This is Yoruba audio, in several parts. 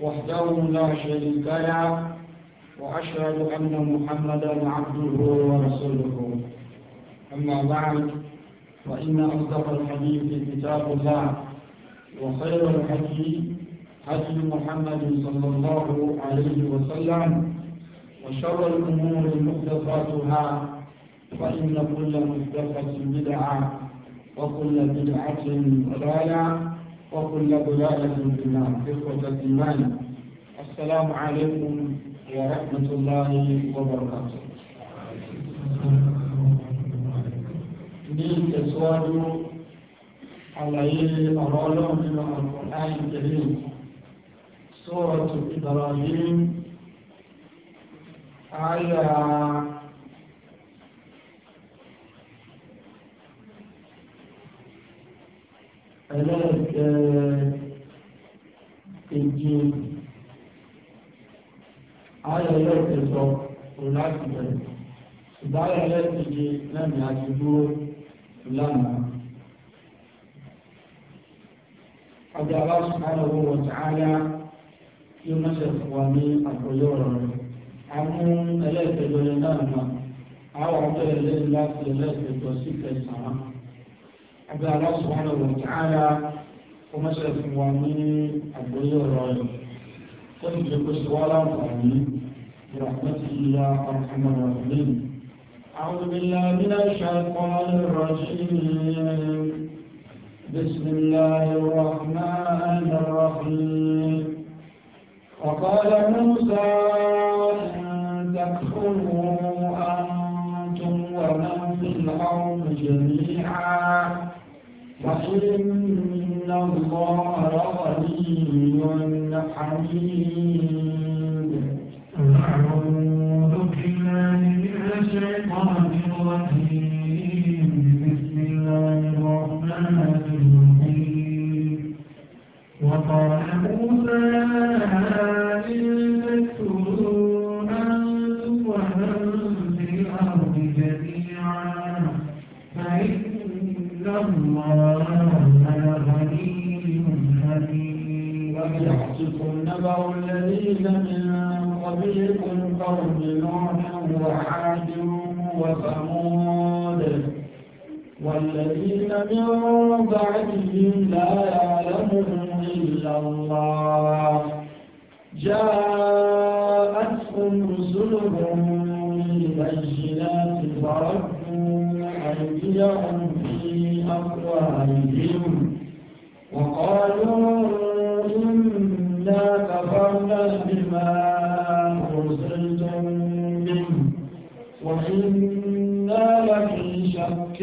وحده لا شريك له وأشهد أن محمدا عبده ورسوله أما بعد فإن أصدق الحديث كتاب الله وخير الحديث حديث محمد صلى الله عليه وسلم وشر الأمور محدثاتها فإن كل محدثة بدعة وكل بدعة ضلالة وكل ضلالة في النار إخوة الإيمان السلام عليكم ورحمة الله وبركاته ní ìtẹ̀síwájú àlàyé ọ̀rọ̀ ọlọ́run nínú Al-Qur'an Karim Suratu Ibrahim ẹlẹ́ẹ̀kẹ́ẹ̀kejì ayẹyẹ ìpẹ̀sọ̀ láti bẹ̀rẹ̀ ṣùgbọ́n ayẹyẹ ìpẹ̀jì lẹ́mìí àti dúró lánàá ọjọ́ aláṣùkára owó wọ̀tí áyá tí ó mẹ́sẹ̀ wà ní àpòyọ́ rẹ̀ àwọn ẹlẹ́ẹ̀kẹ́jọ lẹ́nà náà àwọn ọjọ́ ẹlẹ́ẹ̀kẹ́jọ sí kẹsàn-án عند الله سبحانه وتعالى ومسألة ó má ṣe fún wa ní àgbóyé برحمته يا أرحم الراحمين أعوذ بالله من الشيطان الرجيم بسم الله الرحمن الرحيم وقال موسى إن تكفروا أنتم ومن في الأرض جميعا وإن الله غني حميد أعوذ بالله من الشيطان الرجيم بسم الله الرحمن وقال موسى كفروا الذين من قبلكم قوم نوح وعاد وثمود والذين من بعدهم لا يعلمهم إلا الله جاءتهم رسلهم بالبينات فردوا أيديهم في اقوالهم أرسلتم به وإنا لفي شك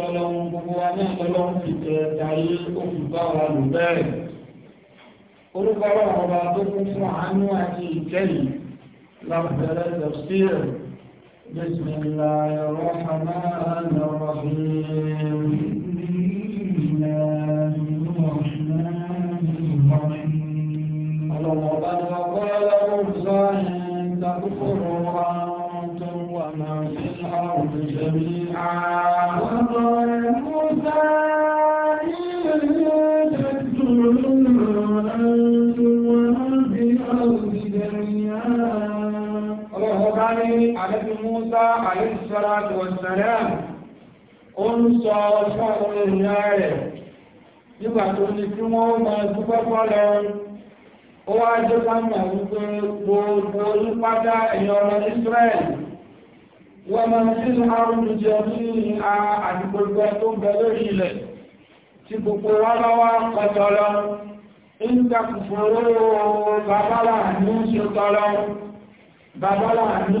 tọ́lọ́run gbogbo wa náà tọ́lọ́run ti tẹ darí òfin bá wa lò bẹ́ẹ̀ orúkọ ọlọ́run ọba tó kún fún àánú àti ìkẹyìn lábẹ́rẹ́ tẹ̀síìr بسم الله الرحمن الرحيم Musa àlẹ́sọ́láàtù wọ̀sánàm ó ń sọ ọ̀sán orin ìyá rẹ̀ nígbà tó ní kí wọ́n máa dúpẹ́ fọ́lọ́ ó wá jẹ́ sáàmà wípé gbogbo olúpátá ẹ̀yàn ọmọ Israẹ̀l wọ́n máa ń sínú àrùn jẹ ní a àdìgbògbò tó ń bẹ lórí ilẹ̀ tí gbogbo wa bá wá ń takùfòrò babalà ní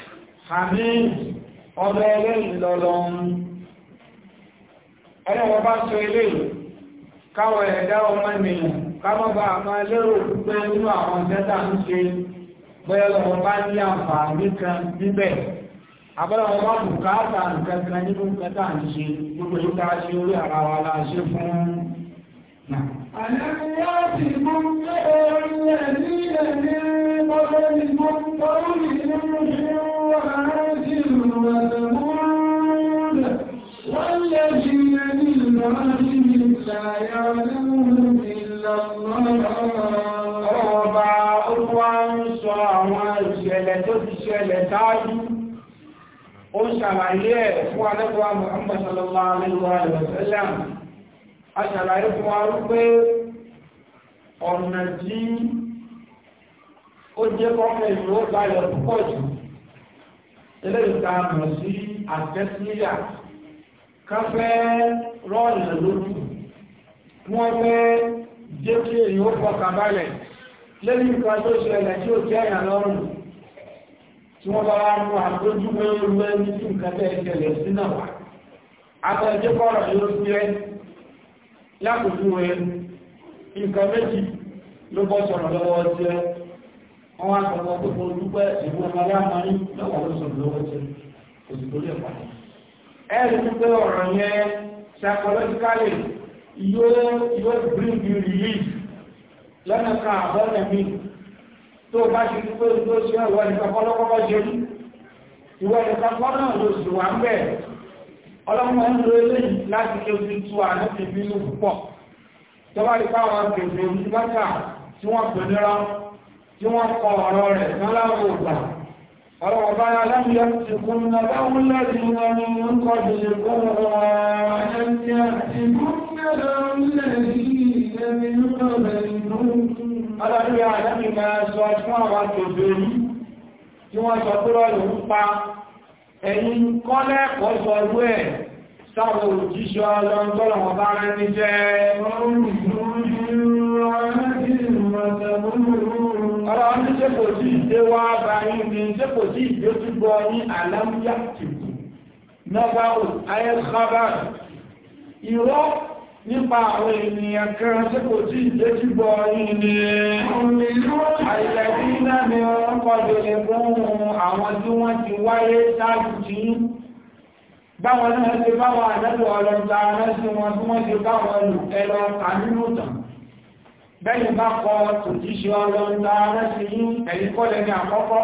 hàmí ọmọ ẹlẹ́yìn lọ́lọ́run ẹlẹ́wọ̀n bá sọ ilé káwọ̀ ẹ̀dá ọmọ ènìyàn kámọ́bà àmọ́ lérò pé inú àwọn tẹ́ta ń ṣe bóyá lọ́wọ́ bá ní àǹfààní kan níbẹ̀ àbọ́lọ́wọ́ bá bùkátà nǹkan kan nínú tẹ́ta ń ṣe gbogbo ìta لا يعلمهم الله ọba ó wá ń sọ àwọn ìṣẹ̀lẹ̀ tó ti ṣẹlẹ̀ táájú ó ṣàlàyé ẹ̀ fún alẹ́gbà Muhammad sallallahu alaihi wa sallam a ṣàlàyé fún wa wípé ọ̀nà tí ó jẹ́ kọ́kẹ́ ìlú ó wọ́n fẹ́ jẹ́ kí èyí ó fọkàn balẹ̀ lẹ́yìn nǹkan tó ṣẹlẹ̀ tí ó jẹ́ èèyàn lọ́rùn tí wọ́n bá mú àgbójú mẹ́rin ní tí nǹkan tẹ́ ìṣẹ̀lẹ̀ sí náà àtẹ̀jẹ́ kọ́rọ̀ yóò sí ẹ́ lákòókò ẹ nǹkan méjì ló bọ́ sọ̀rọ̀ lọ́wọ́ sí ẹ wọ́n sọ̀rọ̀ dúpẹ́ ìwọ̀n yóò yóò bring you relief lọ́nà kan àbọ́nà mi tó bá ṣe pé tó ṣe ọ̀wọ́ nìkan kọ́lọ́kọ́lọ́ ṣe rí ìwọ nìkan kọ́nà ló sì wà ń bẹ̀ ọlọ́mọ ń lo eléyìí láti ṣe fi tú àná ti bínú púpọ̀ tó bá rí káwọn gbèsè ìdíbátà tí wọ́n pè nira tí wọ́n kọ ọ̀rọ̀ rẹ̀ láláwọ̀ ògbà ربنا لم يأتكم نبأ الذين من قبلكم ولم يأتكم نبأ الذين من قبلكم Ọlọ́run yà lẹ́mí máa sọ fún àwọn tòbí rí tí wọ́n sọ púrọ̀ ló ń pa ẹ̀yìn kọ́lẹ́kọ̀ọ́ sọ rú ẹ̀ sáwọn òjíṣọ́ ọlọ́ntọ́lọ̀ wọn bá rẹ̀ ọ̀rọ̀ ní ṣe kò sí ìdé wá bá yín ní ṣe kò sí ìdé túbọ̀ ní àlàmúyà tìkù nọ́bà ò ayẹ́sábà ìrọ́ nípa àwọn ènìyàn kan ṣe kò sí ìdé túbọ̀ yín ní àìlẹ̀bí náà ni wọ́n kọjú ẹ̀gbọ́n àwọn tí wọ́n ti wáyé sáájú tí báwọn náà ṣe báwọn àdẹ́lù ọlọ́ta rẹ́ sí wọn tí wọ́n ṣe báwọn ẹlọ́ta nínú tàn bẹ́yìn bá kọ tòjíṣẹ́ ọlọ́run tààrẹ sí ẹ̀yìn kọ́lẹ̀ ní àkọ́kọ́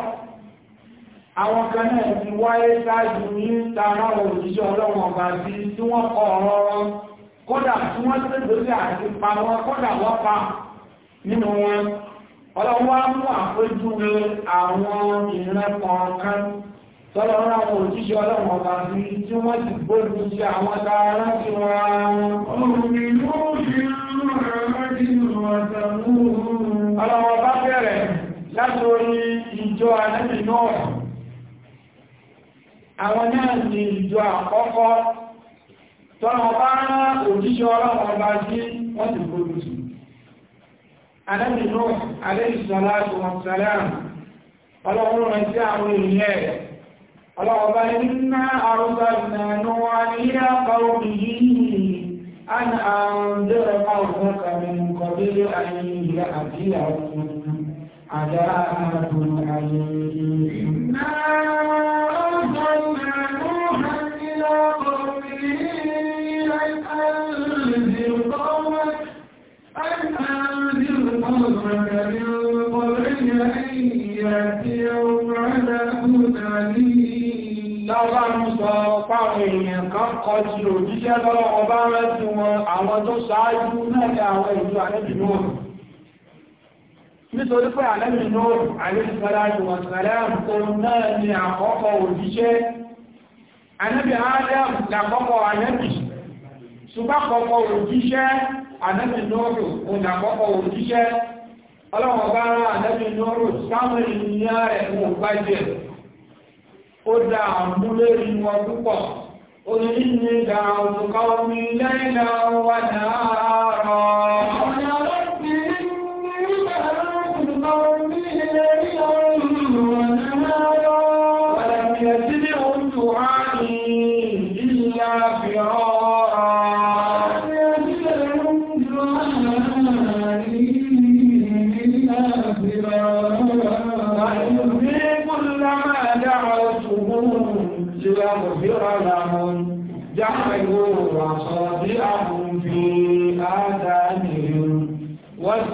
àwọn kan náà ti wáyé sáájú ní tààrà òjíṣẹ́ ọlọ́run ọba sí tí wọ́n kọ ọ̀rọ̀ wọn kódà tí wọ́n tẹ́gbẹ́sí àti pa wọn kódà wọ́n pa nínú wọn ọlọ́run wá mú àpéjúwe àwọn ìran kọ̀ọ̀kan tọ́lọ́ ráwọn òjíṣẹ́ ọlọ́run ọba sí tí wọ́n ti gbóòdù sí àwọn tààrà sí wọn Ọlọ́wọ́ bá bẹ̀rẹ̀ látorí ìjọ ànábì náà. Àwọn náà ni ìjọ àkọ́kọ́ tọ́lọ̀ bá rán òjíṣẹ́ ọlọ́wọ́ bá sí wọ́n ti gbogbo jù. Ànábì náà, alayhi salatu wa salam, ọlọ́wọ́ rẹ̀ sí àwọn ènìyàn rẹ̀. Ọlọ́wọ́ أن أنذر قومك من قبل أن يأتيهم عذاب أليم إنا أرسلنا نوحا إلى قومه أن أنذر قومك أن أنذر قومك من àkọjì òjíṣẹ́ lọ́wọ́ ọba rẹ̀ tí wọn àwọn tó ṣáájú náà àwọn ìlú àlẹ́bì náà nítorí pé àlẹ́bì náà àlẹ́bìsára ìwọ̀n sàlẹ́m náà ni àkọ́kọ́ òjíṣẹ́ àlẹ́bì adam làkọ́kọ́ àlẹ́bì ṣùgbọ́kọ́kọ́ òjíṣẹ́ àlẹ́bì náà ò làkọ́kọ́ òjíṣẹ́ ọlọ́wọ́ bá rán àlẹ́bì náà sáwọn ènìyàn rẹ̀ mú bàjẹ́ ó dá àmúlérí wọn púpọ̀ قل إني دعوت قومي ليلا ونهارا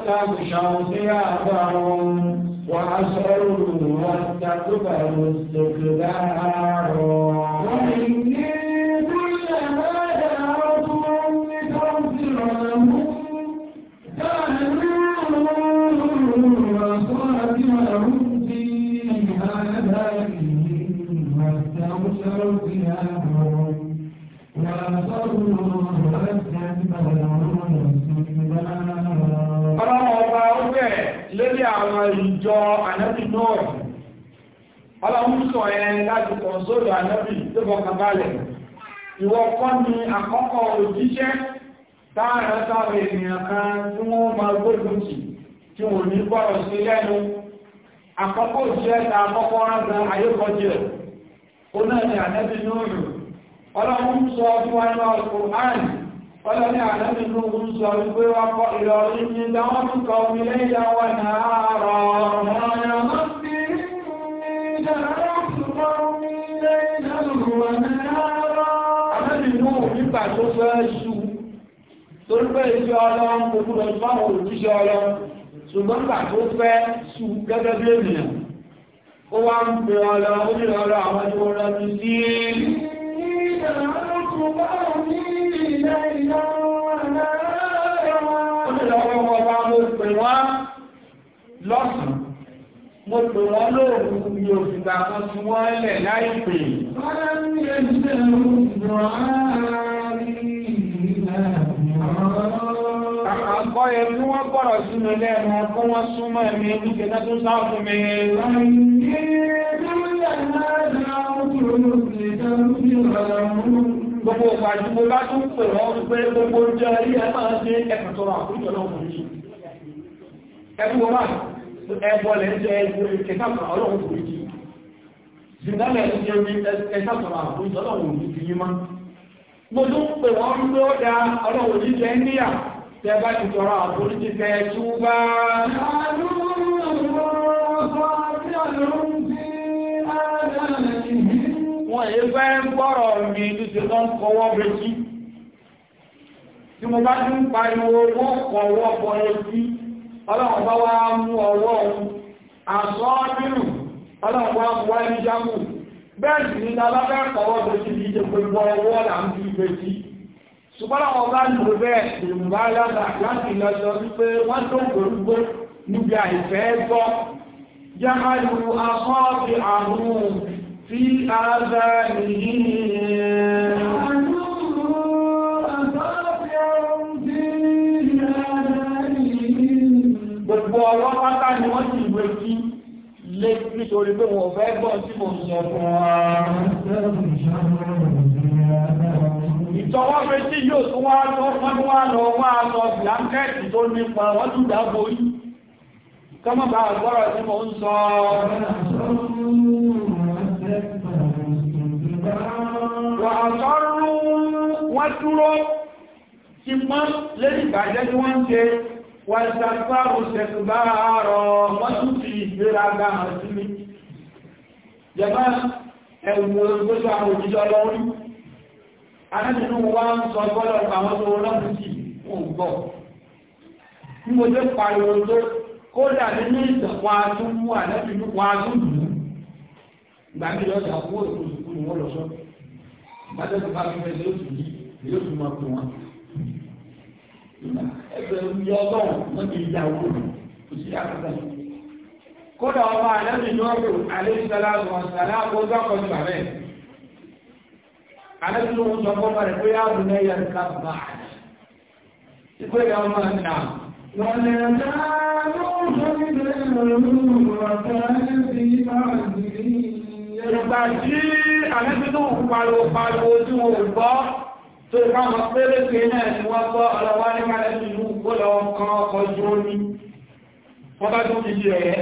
واستغشوا ثيابهم وأسروا واستكبروا استكبارا ìjọ ànábì náà ọlọ́run sọ ẹ láti kàn sódò ànábì tó fọkàn balẹ̀ ìwọ kọ́ ni àkọ́kọ́ òjíṣẹ́ táàrà sáwọn ènìyàn kan tí wọ́n máa gbóògùn sí tí wọ́n ní bọ́rọ̀ sí lẹ́nu àkọ́kọ́ òjíṣẹ́ ta àkọ́kọ́ rángan ayékọjẹ́ ó náà ni ànábì náà ọlọ́run sọ fún wa ní ọkùnrin Fọ́lọ́ ní àdámi ló ń sọ wípé wá kọ́ ìrọ̀rí ní dáwọn tó kọ omi lẹ́yìn àwọn ìnáàrọ̀ ọ̀rọ̀ máa fi dára ṣùgbọ́n omi lẹ́yìn àwọn ìnáàrọ̀. Àdámi ló ń nípa tó fẹ́ ṣù torí Ó wá ń pè ọlọ́run ó ní ọlọ́run àwọn tí wọ́n rẹ́ mi Ìdára pè wọ́n lọ́sàn mo pè wọ́n lóòrùn mi ò fìgbà kan tí wọ́n lẹ̀ láìpè. Àkọ́ yẹ kí wọ́n gbọ́rọ̀ sínú lẹ́nu kó wọ́n súnmọ́ ẹ̀mí nígbè náà tó sáà fún mi. Gbogbo ìpàdé mo bá tún pè wọ́n pé gbogbo jẹ́ ilé ẹ̀ máa ń ṣe ẹ̀kàn tọrọ àkójọ náà wọ̀nyí ẹgbùn máa ẹgbọ́ lẹ́ jẹ́ ẹgbùn kẹsàkùn ọlọ́run kò rí jìnnàlẹ̀ ẹgbẹ́ omi ẹsàkùn àkójọ ọlọ́run ò ní ti yí má mo tún pè wọ́n ń pé ó da ọlọ́run ní jẹ́ níyà tẹ́ bá ti tọrọ àforíjì tẹ́ túbá. wọ́n yìí fẹ́ ń gbọ́rọ̀ mi ní ti lọ́n fọwọ́ bẹ́ẹ̀ sí tí mo bá tún pariwo wọ́n kọ̀wọ́ bọ́ ẹ sí ọlọ́run bá wá mú ọwọ́ ohun àṣọ́ọ́dínù ọlọ́run wá mú wá ní jámù bẹ́ẹ̀ sì ní alábẹ́ kọ̀wọ́ tó ti di ìjẹ́ gbogbo ọwọ́ là ń fi gbé sí ṣùgbọ́n àwọn bá lò bẹ́ẹ̀ ìrùbá yàtà láti lọ sọ wípé wọ́n tó gbòrúgbó níbi àìfẹ́ gbọ́ jáhálù akọ́ọ̀bì àrùn fi ààbẹ̀ nìyí lé nítorí pé wọn ò fẹ́ gbọ́n tí mo sọ fún wa. ìtọ́wọ́ méjì yóò tún wá lọ wọ́n tún wá lọ wá lọ bìlánkẹ́ẹ̀tì tó nípa wọ́n tún dáàbò yìí kọ́mọ̀ bá gbọ́rọ̀ tí mo ń sọ wọ́n dúró ti mọ́ lẹ́yìn ìbàjẹ́ tí wọ́n ń ṣe wàìsàgbà òṣèkùbá àárọ̀ mọ́tútù ìgbéraga àti mi jẹmọ́ ẹ̀wùn olóògbóṣù àwọn òjíjọ́ lọ́rí anájúnú wá ń sọ gbọ́lọ̀ àwọn tó lọ́pùtì fún gbọ́ ní mo jẹ́ pariwo tó kódà ní ní ìsọ̀pọ̀ atún mú àlẹ́bìnú pa atún dùn gbàgbé lọ́jà kó òṣèlú ni wọ́n lọ sọ gbàgbé tó bá fi fẹ́ lóṣù yìí yóò tún máa ẹgbẹ́ ìyá ọlọ́run wọ́n ti yà owó kò sí àkàtà kódà ọba àlẹ́bí lọ́rù àlẹ́sàlámù ọ̀sàlá àkójọ kọjú bàbẹ́ àlẹ́bí lọ́rù sọ fún bàrẹ̀ pé yáà bùnẹ́ yà ń ká bà ìpé ìyá ọmọ nà wọ́n lè dá lóòrùn tó ní bẹ̀rẹ̀ lóòrùn àtàlẹ́ sí máa ń tó ìfà mọ̀ péréke náà ni wọ́n tọ́ ọlọ́wọ́ ní kálẹ̀ ìlú gbọ́lọ̀ kan ọkọ̀ ojú omi wọ́n bá tó kìí ẹ̀yẹ.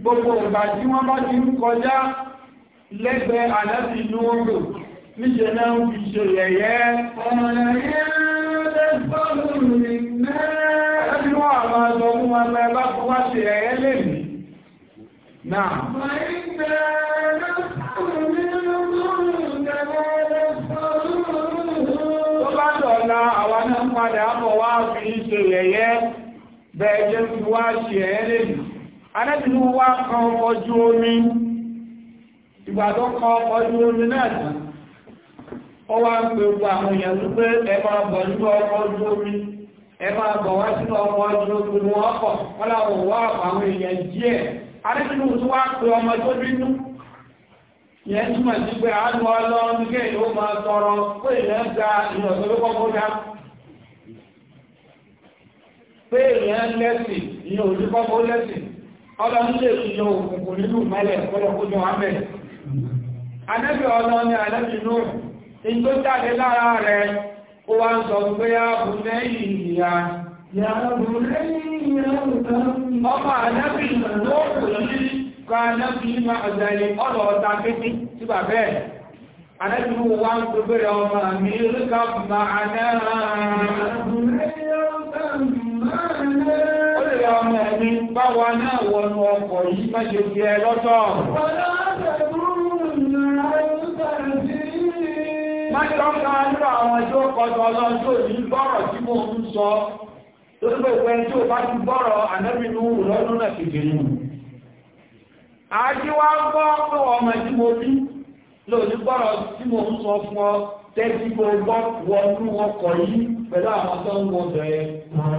Gbogbo ìgbà tí wọ́n bá ti ń kọjá lẹ́gbẹ̀ẹ́ àdábì ní oòrùn níṣẹ́ náà ń fi ṣe ẹ̀yẹ. Ọ̀rẹ̀ yẹ́ lọ mú wọn lọ ẹbá fún wá sí ẹ̀yẹ lèmi náà. tó bá dọ̀la àwa náà padà bọ̀ wá fi ṣe ẹ̀yẹ bẹ́ẹ̀ jẹ́ fi wá sí ẹ̀yẹ lèmi. anábìnú wa kan omi ìgbà tó omi náà ó wá ń pe gbogbo àwọn ẹ máa bọ̀ nínú ọkọ̀ ojú omi. ẹ máa bọ̀ ọmọ ọdún ogun wọn àwọn èèyàn díẹ̀ arẹ́bínú tó wá pé ọmọ tó bínú yẹn sí pé àánú ọlọ́run ìlú pé ga ó wá ń sọ pé ààbò lẹ́yìn ìyá yààbò lẹ́yìn ìyá ọmọ ànábì ló kò ní ká ànábì máa àgbàlẹ̀ ọ̀rọ̀ ọ̀ta kékeré sí bàbá ẹ̀ ànábì mú wá ń tó bẹ̀rẹ̀ ọmọ mi ríkà fúnmá àná ó lè ọmọ mi báwa náà wọnú ọkọ̀ yìí má Mọ́tọ́ka nínú àwọn ẹjọ́ kọjọ ọlọ́jọ́ ní bọ́rọ̀ tí mo ń sọ tó ní gbogbo ẹni tí ó bá ti bọ́rọ̀ ànẹ́bìnú lọ́dún náà kìkì nù. Àjíwá gbọ́ pé ọmọ tí mo bí lóòní bọ́rọ̀ tí mo ń sọ fún ọ tẹ́tí kó gbọ́ wọnú ọkọ̀ yìí pẹ̀lú àwọn tó ń wọ bẹ̀rẹ̀. Ọ̀nà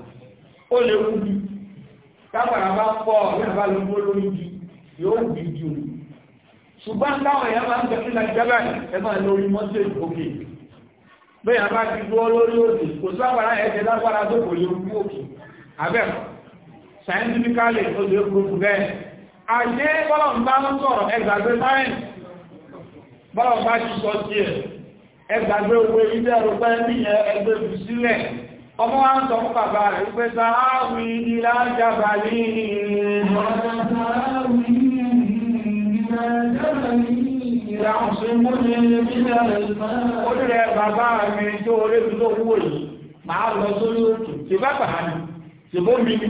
ó lè wú bí tábàrà bá pọ̀ nígbà ló gbó lórí bí yóò bí jù ṣùgbọ́n táwọn èèyàn máa ń tẹ̀sí nàìjíríà ẹ máa lórí mọ́tẹ́ẹ̀dì òkè bẹ́ẹ̀ bá ti dúró lórí òkè kò sábàrà ẹ̀jẹ̀ lágbára tó kò lè wú òkè prove ọmọ wa ń sọ fún bàbá rẹ̀ wípé sáháwì ilá jàbàlì orí rẹ̀ bàbá mi tó orí mi tó wúwo yìí máa lọ sórí òkè tí bàbá mi tí bó mi ní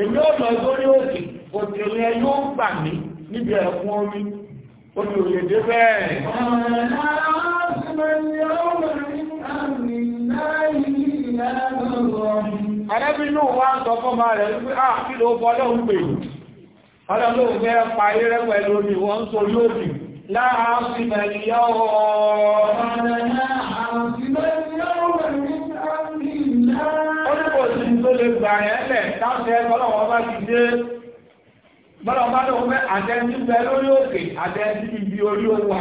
èmi ò lọ sórí òkè òkè yẹn yóò gbà mí níbi ẹ̀kún omi ó ní òye dé bẹ́ẹ̀. ọ̀rẹ́ náà Àrẹ́bí inú wa ń sọ fọ́mà rẹ̀ wípé à ah, kí ló bọ́ lọ́hùn pè. Ọlọ́lọ́hùn fẹ́ pa eré pẹ̀lú ni wọ́n ń sorí òbí. Láàárín ìyá ọ̀rọ̀ bọ́lá ọba tó fẹ́ àtẹ́sí bẹ lórí òkè àtẹ́sí ibi orí owó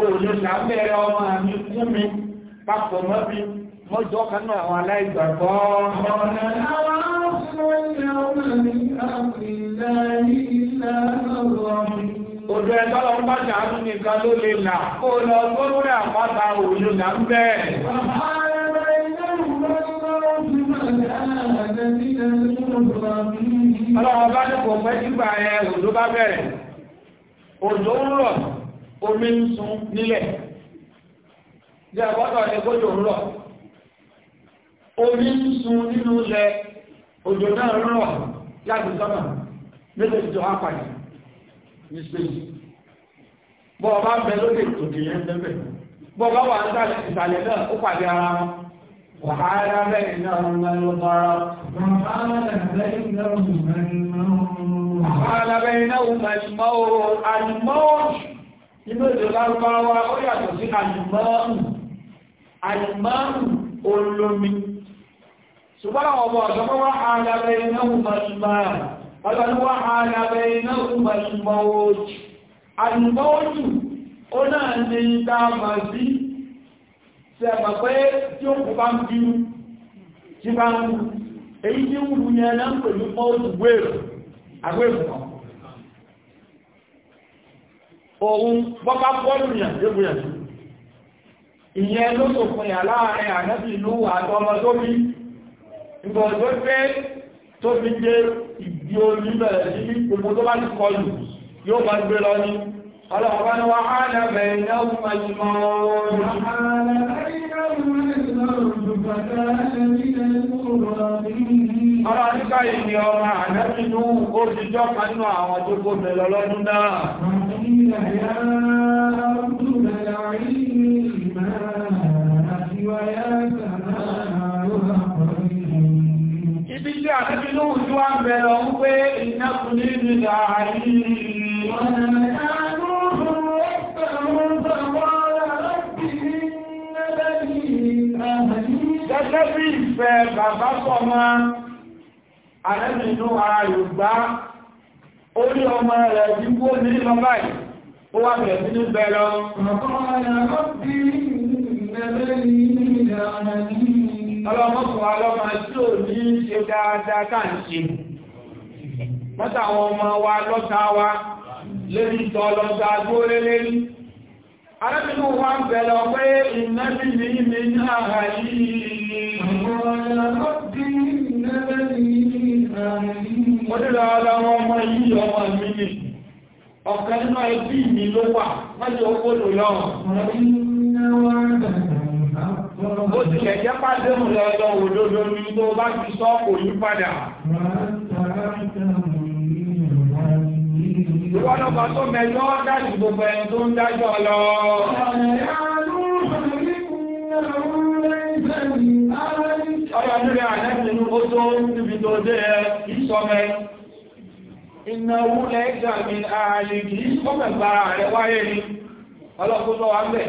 òòlù sàbẹ̀rẹ̀ ọmọ àmì kú mi papọ̀ mọ́bí mọ́jọ́ kan náà àwọn aláìgbàgbọ́ ọ̀nà àwọn Odò ẹ̀tọ́ lọ bá jàánú nìkan ló lè là kó lọ gómìnà àpáta òòlù là ń bẹ́ Ọlọ́wọ́ bá ní kò pẹ́ sígbà ẹ òjò bá bẹ̀rẹ̀. Òjò ń rọ̀, omi ń sun nílẹ̀ bí àgbọ́dọ̀ ẹgbọ́dọ̀ ń rọ̀ omi ń sun nínú ilẹ̀ òjò náà rọ̀ láti sọ́nà méjèèjì tó ápàdé ní space bọ́ ọba ń bẹ lókè òkè yẹn tẹ́bẹ̀ bọ́ ọba wà ń dà ìsàlẹ̀ náà ó pàdé ara wọn wàhálà bẹ́ẹ̀ náà ń lọ bára wàhálà bẹ́ẹ̀ náà ń mọ̀ ìmọ̀ ìmọ̀ ìjọba rúbáwá ó yàtọ̀ sí àjùmọ́ àìmáàrù olómi ṣùgbọ́n àwọn ọmọ ọ̀dọ́gbọ́ wá ààlàbẹ̀ iná ìmọ̀lùmáà ọlọ́ni wá ààlàbẹ̀ iná ìmọ̀lùmọ̀ọ́jù àìmọ́ọ́jù ó náà ní dáàmà sí sẹ́mà pé tí ó kù bá ń bí tí bá ń wù èyí tí ń wù yẹn náà pẹ̀lú mọ́ọ̀jù wéèrè ìyẹn ló sòfin àláàrin ànábì ìlú àtọmọ tó bí ìgbọ̀n tó pé tó fi dé ìdí orí bẹ̀rẹ̀ sí gbogbo tó bá ti kọlù yóò bá gbé lọ ní ọlọ́pàá ni wọ́n á Ibi tí a ti ló wùjú wá ń bẹ̀rẹ̀ ọ̀hún pé ìnákùn ní ìrìnlẹ̀ àárín Gẹ́gẹ́ bí ìfẹ́ bàbá pọ̀ máa, àrẹ́mìnú ara Yorùbá, orí ọmọ rẹ̀ bí kó ní bàbá yìí, ó wà bẹ̀rẹ̀ sí ní bẹ̀rẹ̀ ọmọ. Ọlọ́mọ́sùn alọ́mà tí ò ní ṣe dáadáa káàkiri. Mọ́ta àwọn ọmọ wa lọ́ta wa lérí tọ́ lọ́ta tó lé lérí. Arábìnú wa ń bẹ̀rẹ̀ pé ìnábì ní ìmì ní àhà yìí. Àwọn ọmọ Ó ti ṣẹ̀jẹ́ pàdéhùn lọ́dọ̀ òdodo ní tó bá ti sọ kò yí padà. Ìwọ́lọ́gbà tó mẹ́jọ́ dájú gbogbo ẹni tó ń dájọ́ lọ. Ọ̀rọ̀ nílẹ̀ àlẹ́sìnú ó tó níbi tó dé ẹ ìsọmẹ. Ìnáwó lẹ́gbàmí ààlè kìí kọ́mẹ̀ bá rẹ̀ wáyé ni. Ọlọ́kùnrin wa ń bẹ̀.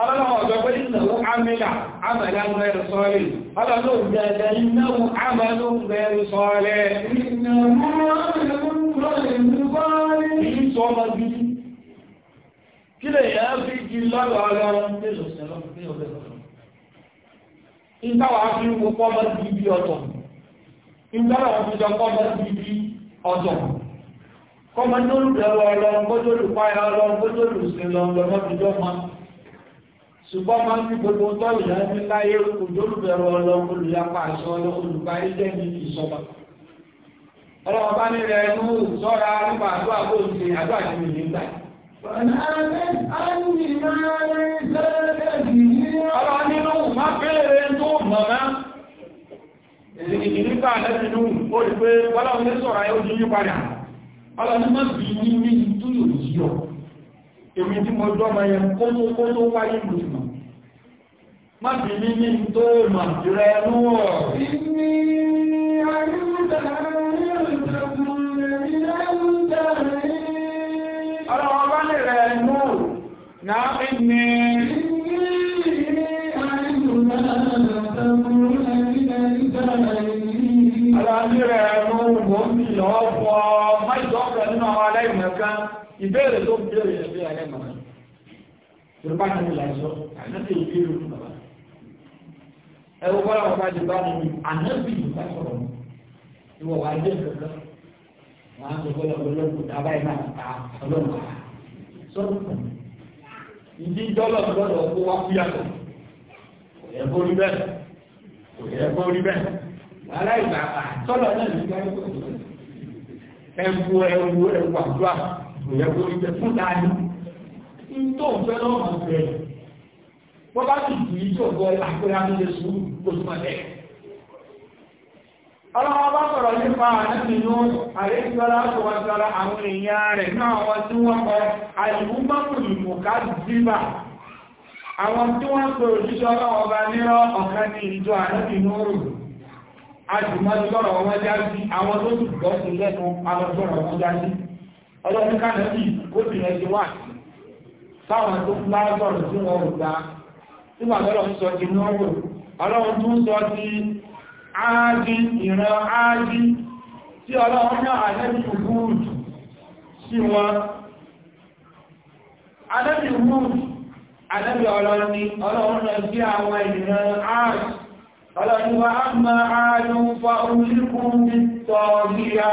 ọlọ́lọ́wọ́ ọ̀gbẹ́ pé ìnáwó amílà amàlà ń bẹ̀rẹ̀ sọ́ọ̀lẹ̀ ọlọ́lọ́wọ́ gbẹ̀rẹ̀ ìnáwó amàlà ń bẹ̀rẹ̀ sọ́ọ̀lẹ̀ Kọ́mọ tó lùdẹ̀wọ̀ ọlọ́run, kó tó lùpáyà ọlọ́run, kó tó lùsìn lọ́run lọ́mọ́bìdọ́ máa. ṣùgbọ́n máa ń fi gbogbo tọ́lù náà ní láyé olùbẹ̀rù ọlọ́run olùyapa àṣọ olùgbà ilé ní ìṣọba. ọlọ́run bá ní rẹ̀ ń sọ́ra nípa àdó àbò ṣe àdó àdìmí nígbà. ọlọ́run nínú má béèrè tó mọ̀mọ́. èdèkìtì nípa àdẹ́bìnú ó rí pé ọlọ́run ní sọ̀rọ̀ ayé ojú yí padà ọlọ́run má bì í ní ní túyò yíyọ èmi tí mo jọ́ mayẹ kó tó wáyé lùmọ̀ má bí ní ní tó mà rẹ̀ lúwọ̀ Ọlọ́wọ́ bá lè rẹ̀ ìbéèrè tó béèrè ẹgbẹ́ ayé màmá yorùbá ní ìlà ẹ̀sọ́ ànábì ìbéèrè fún bàbá ẹwọ́ bọ́lá wọn bá di bá mi ànábì ìbá sọ̀rọ̀ mi ìwọ wà á dé ìfẹ́fẹ́ wọn á sọ bọ́lá olóògùn dábàá iná àtà ọlọ́mà sọ̀rọ̀ fún mi ìdí dọ́lọ̀ lọ́dọ̀ kó wá fúyà lọ kò yẹ kó rí bẹ́ẹ̀ kò yẹ kó rí bẹ́ẹ̀ wàhálà ìgbà àtọ́lọ̀ náà ní ká ẹ̀wù ẹ̀wù ẹ̀wù àdúrà ìyẹ̀wò ìjẹ fún dání ń tó ń fẹ́ lọ́wọ́ bẹ̀rẹ̀ bọ́ bá sì kì í ṣògbọ́ àpẹẹrẹ amúlẹ̀ sùúrù gbogbo mọ̀lẹ́ ọlọ́wọ́ bá sọ̀rọ̀ nípa àdínú àrẹ́sọ́lá ṣọwọ́sọ́lá àwọn èèyàn rẹ̀ náà wọ́n tí wọ́n kọ àìwúmọ́kùnrin mọ̀ká zíbà àwọn tí wọ́n pè òjíṣẹ́ ọlọ́wọ́ bá nírọ́ ọ̀kan ní ìjọ àdínú rù àjùmọ́lọ́rọ̀ wọ́n já sí àwọn tó sì gbọ́ sí lẹ́nu alọ́sọ̀rọ̀ wọ́n já sí ọlọ́run ká nàbí ó sì rẹ̀ ti wà sáwọn tó bá sọ̀rọ̀ tí wọ́n rò dá nígbà tọ́lọ̀ ń sọ ti náà rò ọlọ́run tó ń sọ ti áájí ìran áájí tí ọlọ́run náà àjẹ́bí gúúdù sí wọn àjẹ́bí gúúdù àjẹ́bí ọlọ́run ni ọlọ́run náà sí àwọn ìran áájí ọlọ́run wa á máa áájú fa orí kúrú ní tọ́ọ̀gíra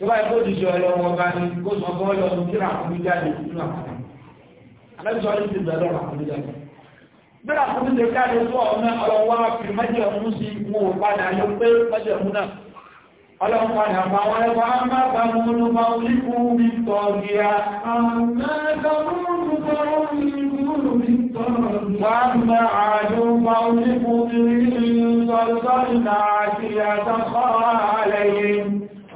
tó báyìí kó dùjọ ẹ lọ́wọ́ bá ní kó sọ fún ọlọ́ ní kíra àkúrú jáde nínú àkàrà alẹ́sọ ní ti bẹ̀rẹ̀ lọ́rọ̀ àkúrú jáde bí àkúrú lè jáde fún ọ̀nà ọlọ́wọ́ fi mẹ́jẹ̀ mú sí wọn ò padà yọ pé mẹ́jẹ̀ mú náà ọlọ́wọ́ padà bá wọn ẹgbẹ́ á má bá mú un bá wọn nípò mi tọ́ bí a. وأما عاد فأولئك بهم صلصلنا عاتية خاء عليهم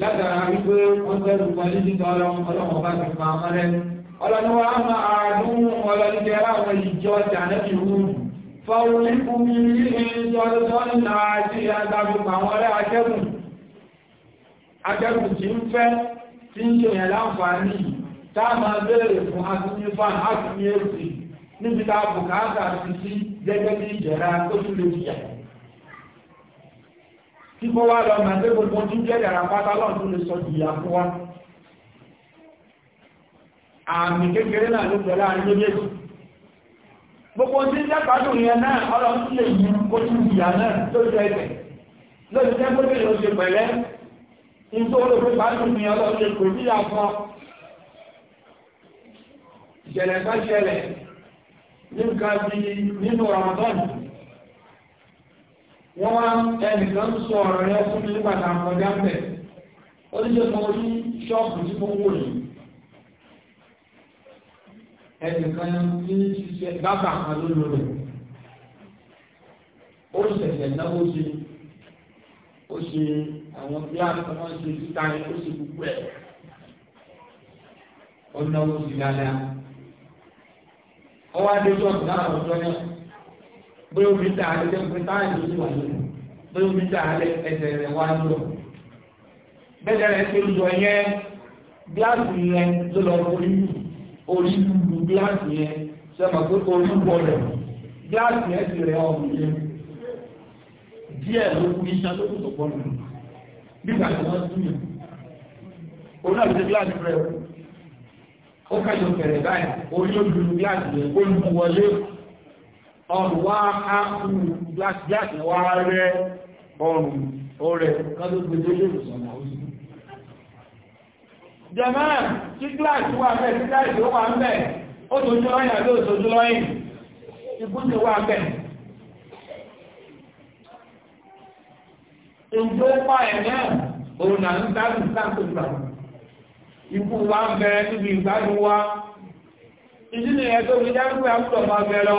látara wípé wọ́n tẹ́lú wọlé nígbà ọlọ́mọ bá ti pa ọmọ rẹ̀ ọlọ́niwá máa àádún ọlọ́nijẹ́ àwọn ìjọ jàǹdẹ́bì rúùn mi rí ìjọ lọ́nà àti àgbàgbà wọn rẹ̀ akẹ́kùn akẹ́kùn tí ń fẹ́ tí ń láǹfààní béèrè fún níbi tá a bùkátà sí sí gẹ́gẹ́ bí ìjẹ̀rà tó tún lè jìyà tí kó wá lọ màá gbégbó tó tún jẹ́ ìyàrá pátá lọ́n tó lè sọ ìyà fún wa àmì kékeré náà ló pẹ̀lú àárín méjèèjì gbogbo tí ń jágbádùn yẹn náà ọlọ́run tún lè yí kó tún ìyà náà lórí ẹ̀sẹ̀ lórí jẹ́ pé kéèyàn ṣe pẹ̀lẹ́ nítorí olóògbé gbádùn ni ọlọ́run lè pè níyà fún ọ ìṣẹ̀lẹ̀ bá ṣẹlẹ̀ nínú Ramadan wọ́n wá ẹnìkan sọ ọ̀rọ̀ rẹ fún mi a bẹ̀ ó ní ṣe kan orí ṣọ́ọ̀bù tí mo ń wò yìí ẹnìkan ní ṣiṣẹ́ bábà kan ló lò rẹ̀ ó ṣẹ̀ṣẹ̀ náwó ṣe ó ṣe àwọn bí àwọn ṣe títa yẹn ó ṣe gbogbo ẹ̀ ó náwó sí dáadáa ó wá dé ṣọ́ọ̀bù bóyá omi dà á lẹ́sẹ̀ pé táyà ló ti wà lónìí bóyá omi dà á lẹ́ ẹsẹ̀ rẹ̀ wá ń lọ. bẹ́ẹ̀ rẹ̀ ṣe lọ yẹn gíláàsì yẹn ló lọ orí orí lulu gíláàsì yẹn sọ́mà pé orí wọ rẹ̀ gíláàsì yẹn ti rẹ̀ ọ̀hún yẹn díẹ̀ ló kú iṣẹ́ tó kù tó pọ̀ nù nígbà tí wọ́n tún yẹn. òun náà ti gíláàsì rẹ̀ ó kájọ fẹ̀rẹ̀ báyìí orí olùdó gíláàsì yẹn ó lu wọlé. ọrùn wá ápùn gbáṣíjáṣì wá rẹ ọrùn orẹ kọ́dọ̀ gbẹ̀dẹ̀ lòsànà oṣù jẹmọ́ tí gíláàsì wà bẹ́ẹ̀ tí gíláàsì ó wà ń bẹ̀ ó tójú lọ́yìn àbí òtójú lọ́yìn ìbúnjẹ wà bẹ̀ wa ń bẹ níbi ìgbádùn wa ìdí nìyẹn tó fi dá máa lọ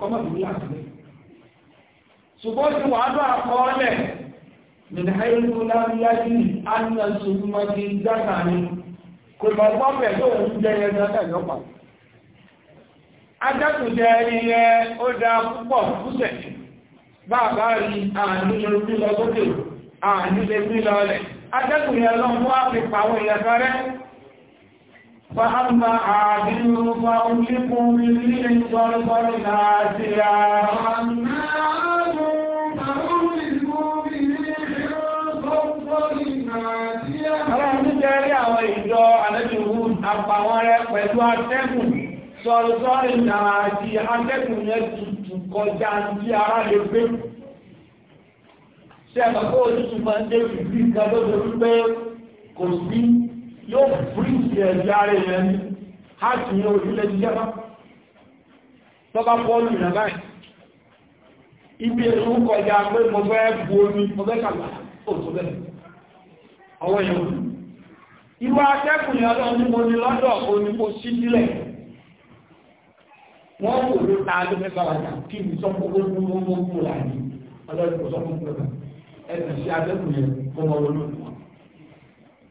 kọ́mọ̀tò ní àtúnlẹ̀ ṣùgbọ́n tí wàá bá àkọọ́lẹ̀ nínú ayélujára láríyájú àná ṣùgbọ́n ti dáta ni kò mọ̀ pọ́pẹ̀ tó ń jẹ yẹn dáta yọpa adákùnjẹ ẹyẹ ó da púpọ̀ púpọ̀ bàbá rí ànílẹ̀ orí lọ sókè ànílẹ̀ orí lọ rẹ̀ adákùnjẹ lọ fún àpèpàwọ̀ ìyàtọ̀ rẹ̀ فأما عاد فأهلكوا بريح صرصر عاتية وأما عاد فأهلكوا بريح صرصر عاتية Ọlọ́run ti jẹ́rí àwọn ìjọ àlejòwò àpàwọn rẹ̀ pẹ̀lú atẹ́kùn sọ̀rọ̀sọ̀rọ̀ ìlànà àti atẹ́kùn yẹn tutù kọjá tí ara lè gbé. Ṣé ẹ̀kọ́ kó máa ń dé ìdí ìgbàlódé wípé kò sí yóò bíríṣì ẹ̀yà rẹ̀ yẹn ní hajj yẹn òjúlẹ̀ jíjẹ́bá tọ́bá bọ́ọ̀lù ìrìnàbá ibi èso ń kọjá pé mo fẹ́ bu omi mo fẹ́ kàlà òtò bẹ́ẹ̀ ọwọ́ yẹn òní ìwà akẹ́kùn yẹn lọ ní mo ní lọ́dọ̀ òní mo sí sílẹ̀ wọ́n kò ló ta ló olóòtú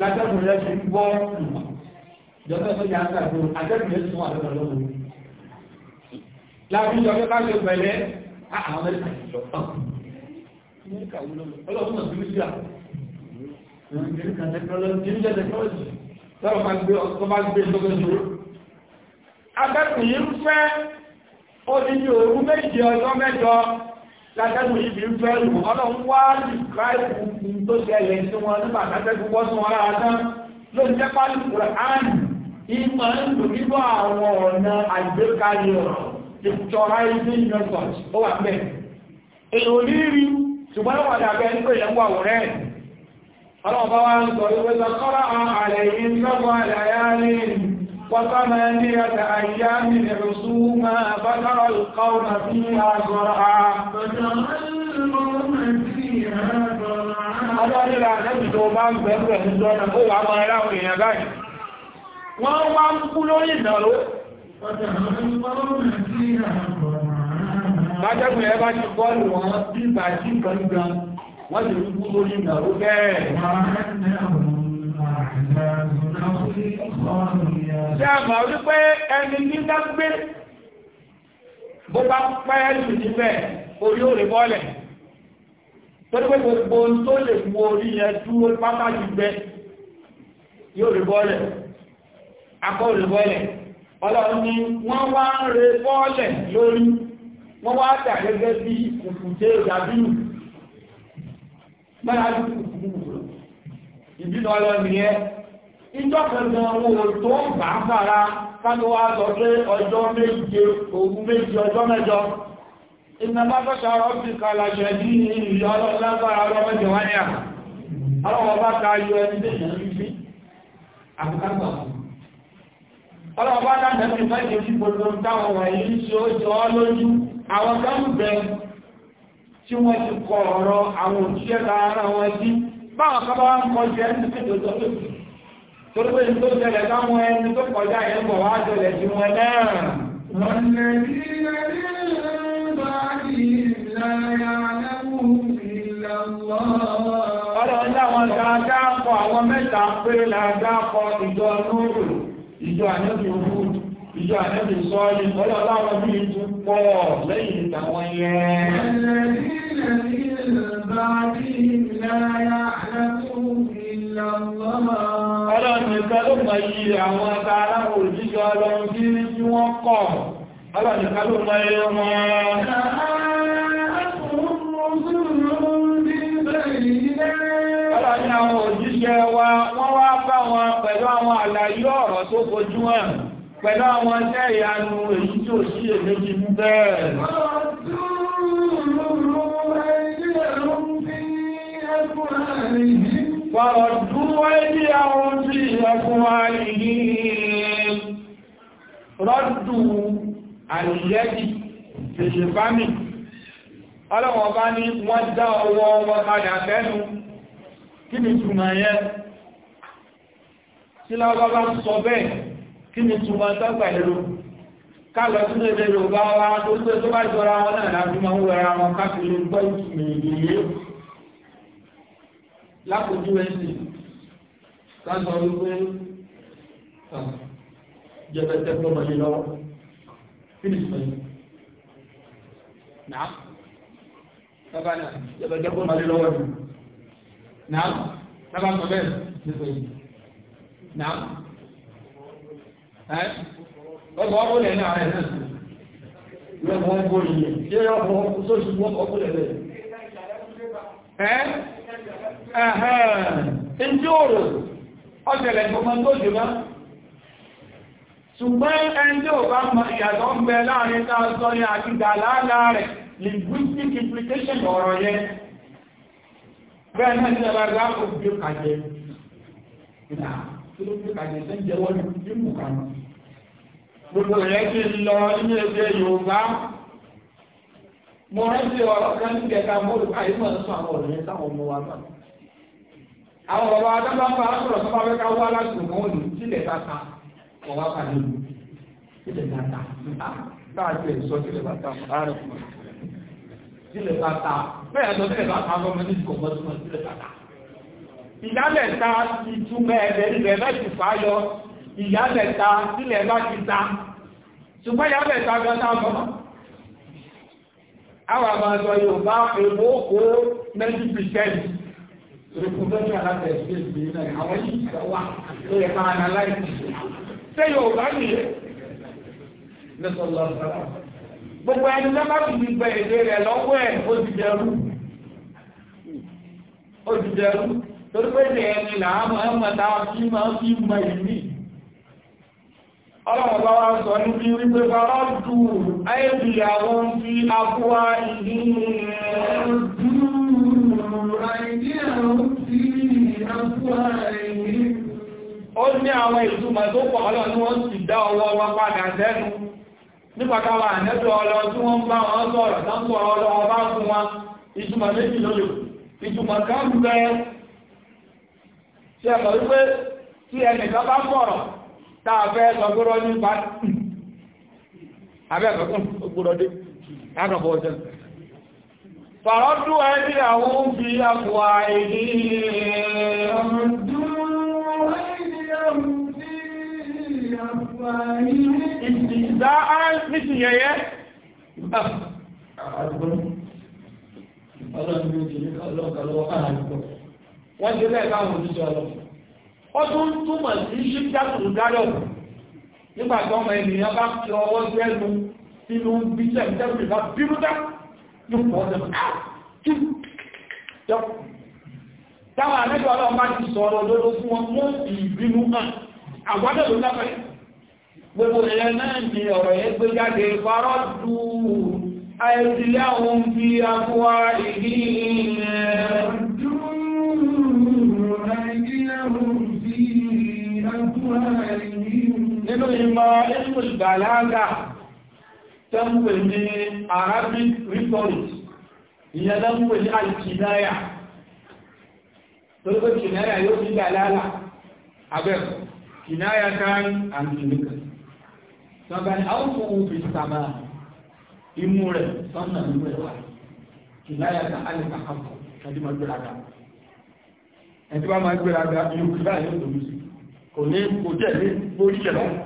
látẹ́kùn rẹ̀ ti ń bọ́ ìjọba tó yà ń sàgbó àtẹ́kùn rẹ̀ ti fún àtẹ́kùn lọ́wọ́ láti ìjọba ká ṣe pẹ̀lẹ́ àwọn mẹ́ta ìjọ ọlọ́run ọ̀sán mídíà ìrìnkà tẹkinọ́lọ́jì ìrìnkà tẹkinọ́lọ́jì tọ́rọ máa gbé ọkọ̀ bá gbé lọ́gbẹ̀ẹ́sọ́rọ̀ akẹ́kùn yìí ń fẹ́ ó ti di òru méjì ọjọ́ mẹ́jọ látẹ́gùn yìí fi ń fẹ́ ìwò ọlọ́run wá ìkráìkù tó ṣẹlẹ̀ sí wọn nígbà látẹ́gùn bọ́ sí wọn lára tán ló ń jẹ́ pálí kùrẹ́ áàrùn ìmọ̀ ń lò nígbà àwọn ọ̀nà àgbékalẹ̀ ọ̀rọ̀ ìjọra ibi ìyọ̀sọ̀t ó wà pẹ́ èyí ò ní rí ṣùgbọ́n ọlọ́run bá wá ń sọ ìwé sọ وثمانية أيام ndị فترى القوم فيها زرعا wà Wọ́n wá ń kú lórí ìdàró. Májẹ́bì ẹ bá ti wọ́n kú lórí ìdàró bẹ́ẹ̀. Ṣé a mọ̀ wípé ẹni ní dágbé bó bá pẹ́ lù níbẹ̀ orí òrè bọ́ọ̀lẹ̀. Torí pé gbogbo tó lè wo orí yẹn dúró pátá jù gbẹ yóò rí bọ́ọ̀lẹ̀. Akọ́ òrè bọ́ọ̀lẹ̀. Ọlọ́run ni wọ́n wá ń re bọ́ọ̀lẹ̀ lórí. Wọ́n wá dà bí kùkùté ìdàbínú. Mọ́ra kùkùkù ìbínú ọlọ́ni ẹ́ ìjọ kẹta owó tó ń bá ń fara kánú wá lọ pé ọjọ́ méje òun méje ọjọ́ mẹ́jọ ìnàbá fẹ́ta rọ́bì kalàṣẹ ní ìlú ọlọ́lágbára ọlọ́mẹ́jọ wáyé à ọlọ́wọ́ ta yọ ẹni dé ìrìn àbúkágbà dá tí wọ́n ti ọ̀rọ̀ àwọn òṣìṣẹ́ wọn báwọn kan bá wá ń kọjú ẹni tó tó tó tó tó tó tẹ̀lẹ̀ táwọn ẹni tó kọjá yẹn bọ̀ wá tẹ̀lẹ̀ sí wọn náà. wọ́n lè ní ẹni bá ìlànà àlẹ́kùn ìlànà. ọlọ́run láwọn dáadáa kọ àwọn mẹ́ta pé làdáa kọ ìjọ núrù ìjọ àníkùn fún ìjọ ànẹ́bì sọ ní ọjọ́ láwọn bí i tún pọ̀ lẹ́yìn ìtàwọn yẹn Ọlọ́run nìkan ló mọ̀ yí àwọn tààrà òjíjọ ọlọ́run tí ní wọ́n kọ̀. Ọlọ́run nìkan ló mọ̀ yí wọn. Ọlọ́run ni àwọn òjíṣẹ́ wọ́n wá bá wọn pẹ̀lú àwọn àlàyé ọ̀rọ̀ tó fojú hàn pẹ̀lú àwọn iṣẹ́ ìyanu èyí tí ò sí èméjì mú bẹ́ẹ̀. Fọ̀rọ̀ dúró ẹbí àwọn tí ẹkùn àìyí rọ́dù àìyẹ́dì tèṣe fámì. Ọlọ́wọ̀n bá ní wọ́n dá ọwọ́ wọn padà fẹ́nu. Kí ni túnmà yẹn? Tí lọ́wọ́ bá sọ bẹ́ẹ̀ kí ni túnmọ̀ tọ́gbà èrò kálọ̀ tún lè lè rògbà wa tó gbé tó bá jọra wọn náà láti máa ń wẹra wọn káàkiri gbọ́ ìtumọ̀ ìdílé lápòjú ẹ̀sìn lásán wípé jẹ́bẹ̀tẹ̀ gbọ́mọdé lọ́wọ́ kí ni sọ yìí náà sábà náà jẹ́bẹ̀tẹ̀ gbọ́mọdé lọ́wọ́ yìí náà sábà sọ bẹ́ẹ̀ ní sọ yìí náà ọgbà ọkùnrin ní àwọn ẹ̀sẹ̀ yóò fún ọkọ̀ yìí ṣe yóò fún ọkọ̀ tó ṣe wọ́n ọkùnrin rẹ̀ ẹ̀hẹ́n tí ó rò ọ̀tẹ̀lẹ̀ gbọmọ tó jù lọ ṣùgbọ́n ẹni tí ó bá mọ ìyàtọ̀ ń bẹ láàrin tá a sọ ní àti dàlálà rẹ̀ linguistic implication ọ̀rọ̀ yẹn bẹ́ẹ̀ náà ní ẹgbẹ̀rẹ̀ kí ló fi kàjẹ̀ tẹ́ ń jẹ́wọ́ ní ìmù kan gbogbo rẹ̀ ti lọ ní ẹgbẹ́ Yorùbá mo rántí ọ̀rọ̀ kan ní kẹta mọ́lù àyíkọ́ sọ àwọn ọ̀rọ̀ yẹn táwọn ọmọ wa náà àwọn bàbá adábá bá sọ̀rọ̀ tó bá fẹ́ ká wá láti mọ́ òní sílẹ̀ tata ọ̀wá pàdé mi sílẹ̀ tata káàkiri sọ sílẹ̀ tata ààrẹ sílẹ̀ tata bẹ́ẹ̀ lọ sílẹ̀ tata fọ́mọ́ ní ìkọ̀mọ́túnmọ́ sílẹ̀ tata ìyálẹ̀ta ìtumẹ̀ ẹ̀rẹ̀ ilẹ̀ mẹ́sì fáyọ ìyálẹ̀ta sílẹ̀ bá ti ta ṣùgbọ́n ìyálẹ̀ta gọ́ta bọ́ àwọn àwọn yìí ìṣẹ́wà tó yẹ máa nà láìsí gbogbo ẹni lọ́bá fi fi gbẹ rẹ̀ lọ́wọ́ ẹ̀ ó ti dẹrú torí pé ní ẹni làámọ̀ ẹmọ̀ta bí ma fi fi abúwá ìní ó ní àwọn ìtumọ̀ tó pọ̀ ọlọ́ ní wọ́n sì dá ọwọ́ wa padà sẹ́nu nípàtàwà ànẹ́bẹ̀ ọlọ́ tí wọ́n bá wọn sọ̀rọ̀ tán sọ̀rọ̀ ọlọ́wọ́ bá fún wa ma ṣe mọ̀ wípé tí ẹnìkan bá mọ̀rọ̀ tá fẹ́ sọgbọ́rọ̀ ní bá abẹ́ ẹ̀kọ́ gbọ́dọ̀ dé ní ti yẹyẹ ọlọ́run wọ́n ṣe bẹ́ẹ̀ káwọn òṣìṣẹ́ ọlọ́ ó tún túmọ̀ sí ṣíkàtù dárọ̀ nígbà tí ọmọ ènìyàn bá fi ọwọ́ sí ẹnu sínú bí sẹ́mítẹ́rù ìbá bírú dá yóò pọ̀ ọdún táwọn àlejò ọlọ́run bá ti sọ̀rọ̀ lọ́dọ̀ fún wọn mú ìbínú hàn àgbádọ̀ ló lápẹ́ gbogbo ẹ̀yẹ náà ni ọ̀rọ̀ yẹn gbé jáde farọ́ du àìsílẹ̀ òun fi àfúwá ìdí ìmọ̀ ilmù ìgbàlágà tẹ́mùwẹ̀ ní Arabic rhetoric ìyẹn tẹ́mùwẹ̀ ní alkinaya torípé kinaya yóò fi gbàlálà abẹ́ kinaya kan alkinika sọ́gbàní áwùkúwù fi sàmà imú rẹ̀ sọ́nà imú rẹ̀ wà kinaya kan alkakakọ̀ kàdímọ̀ gbẹ̀rẹ̀ ẹ̀tí wá máa gbẹ̀rẹ̀ àgbà ìlú kò ní kò jẹ́ ní borí lọ́wọ́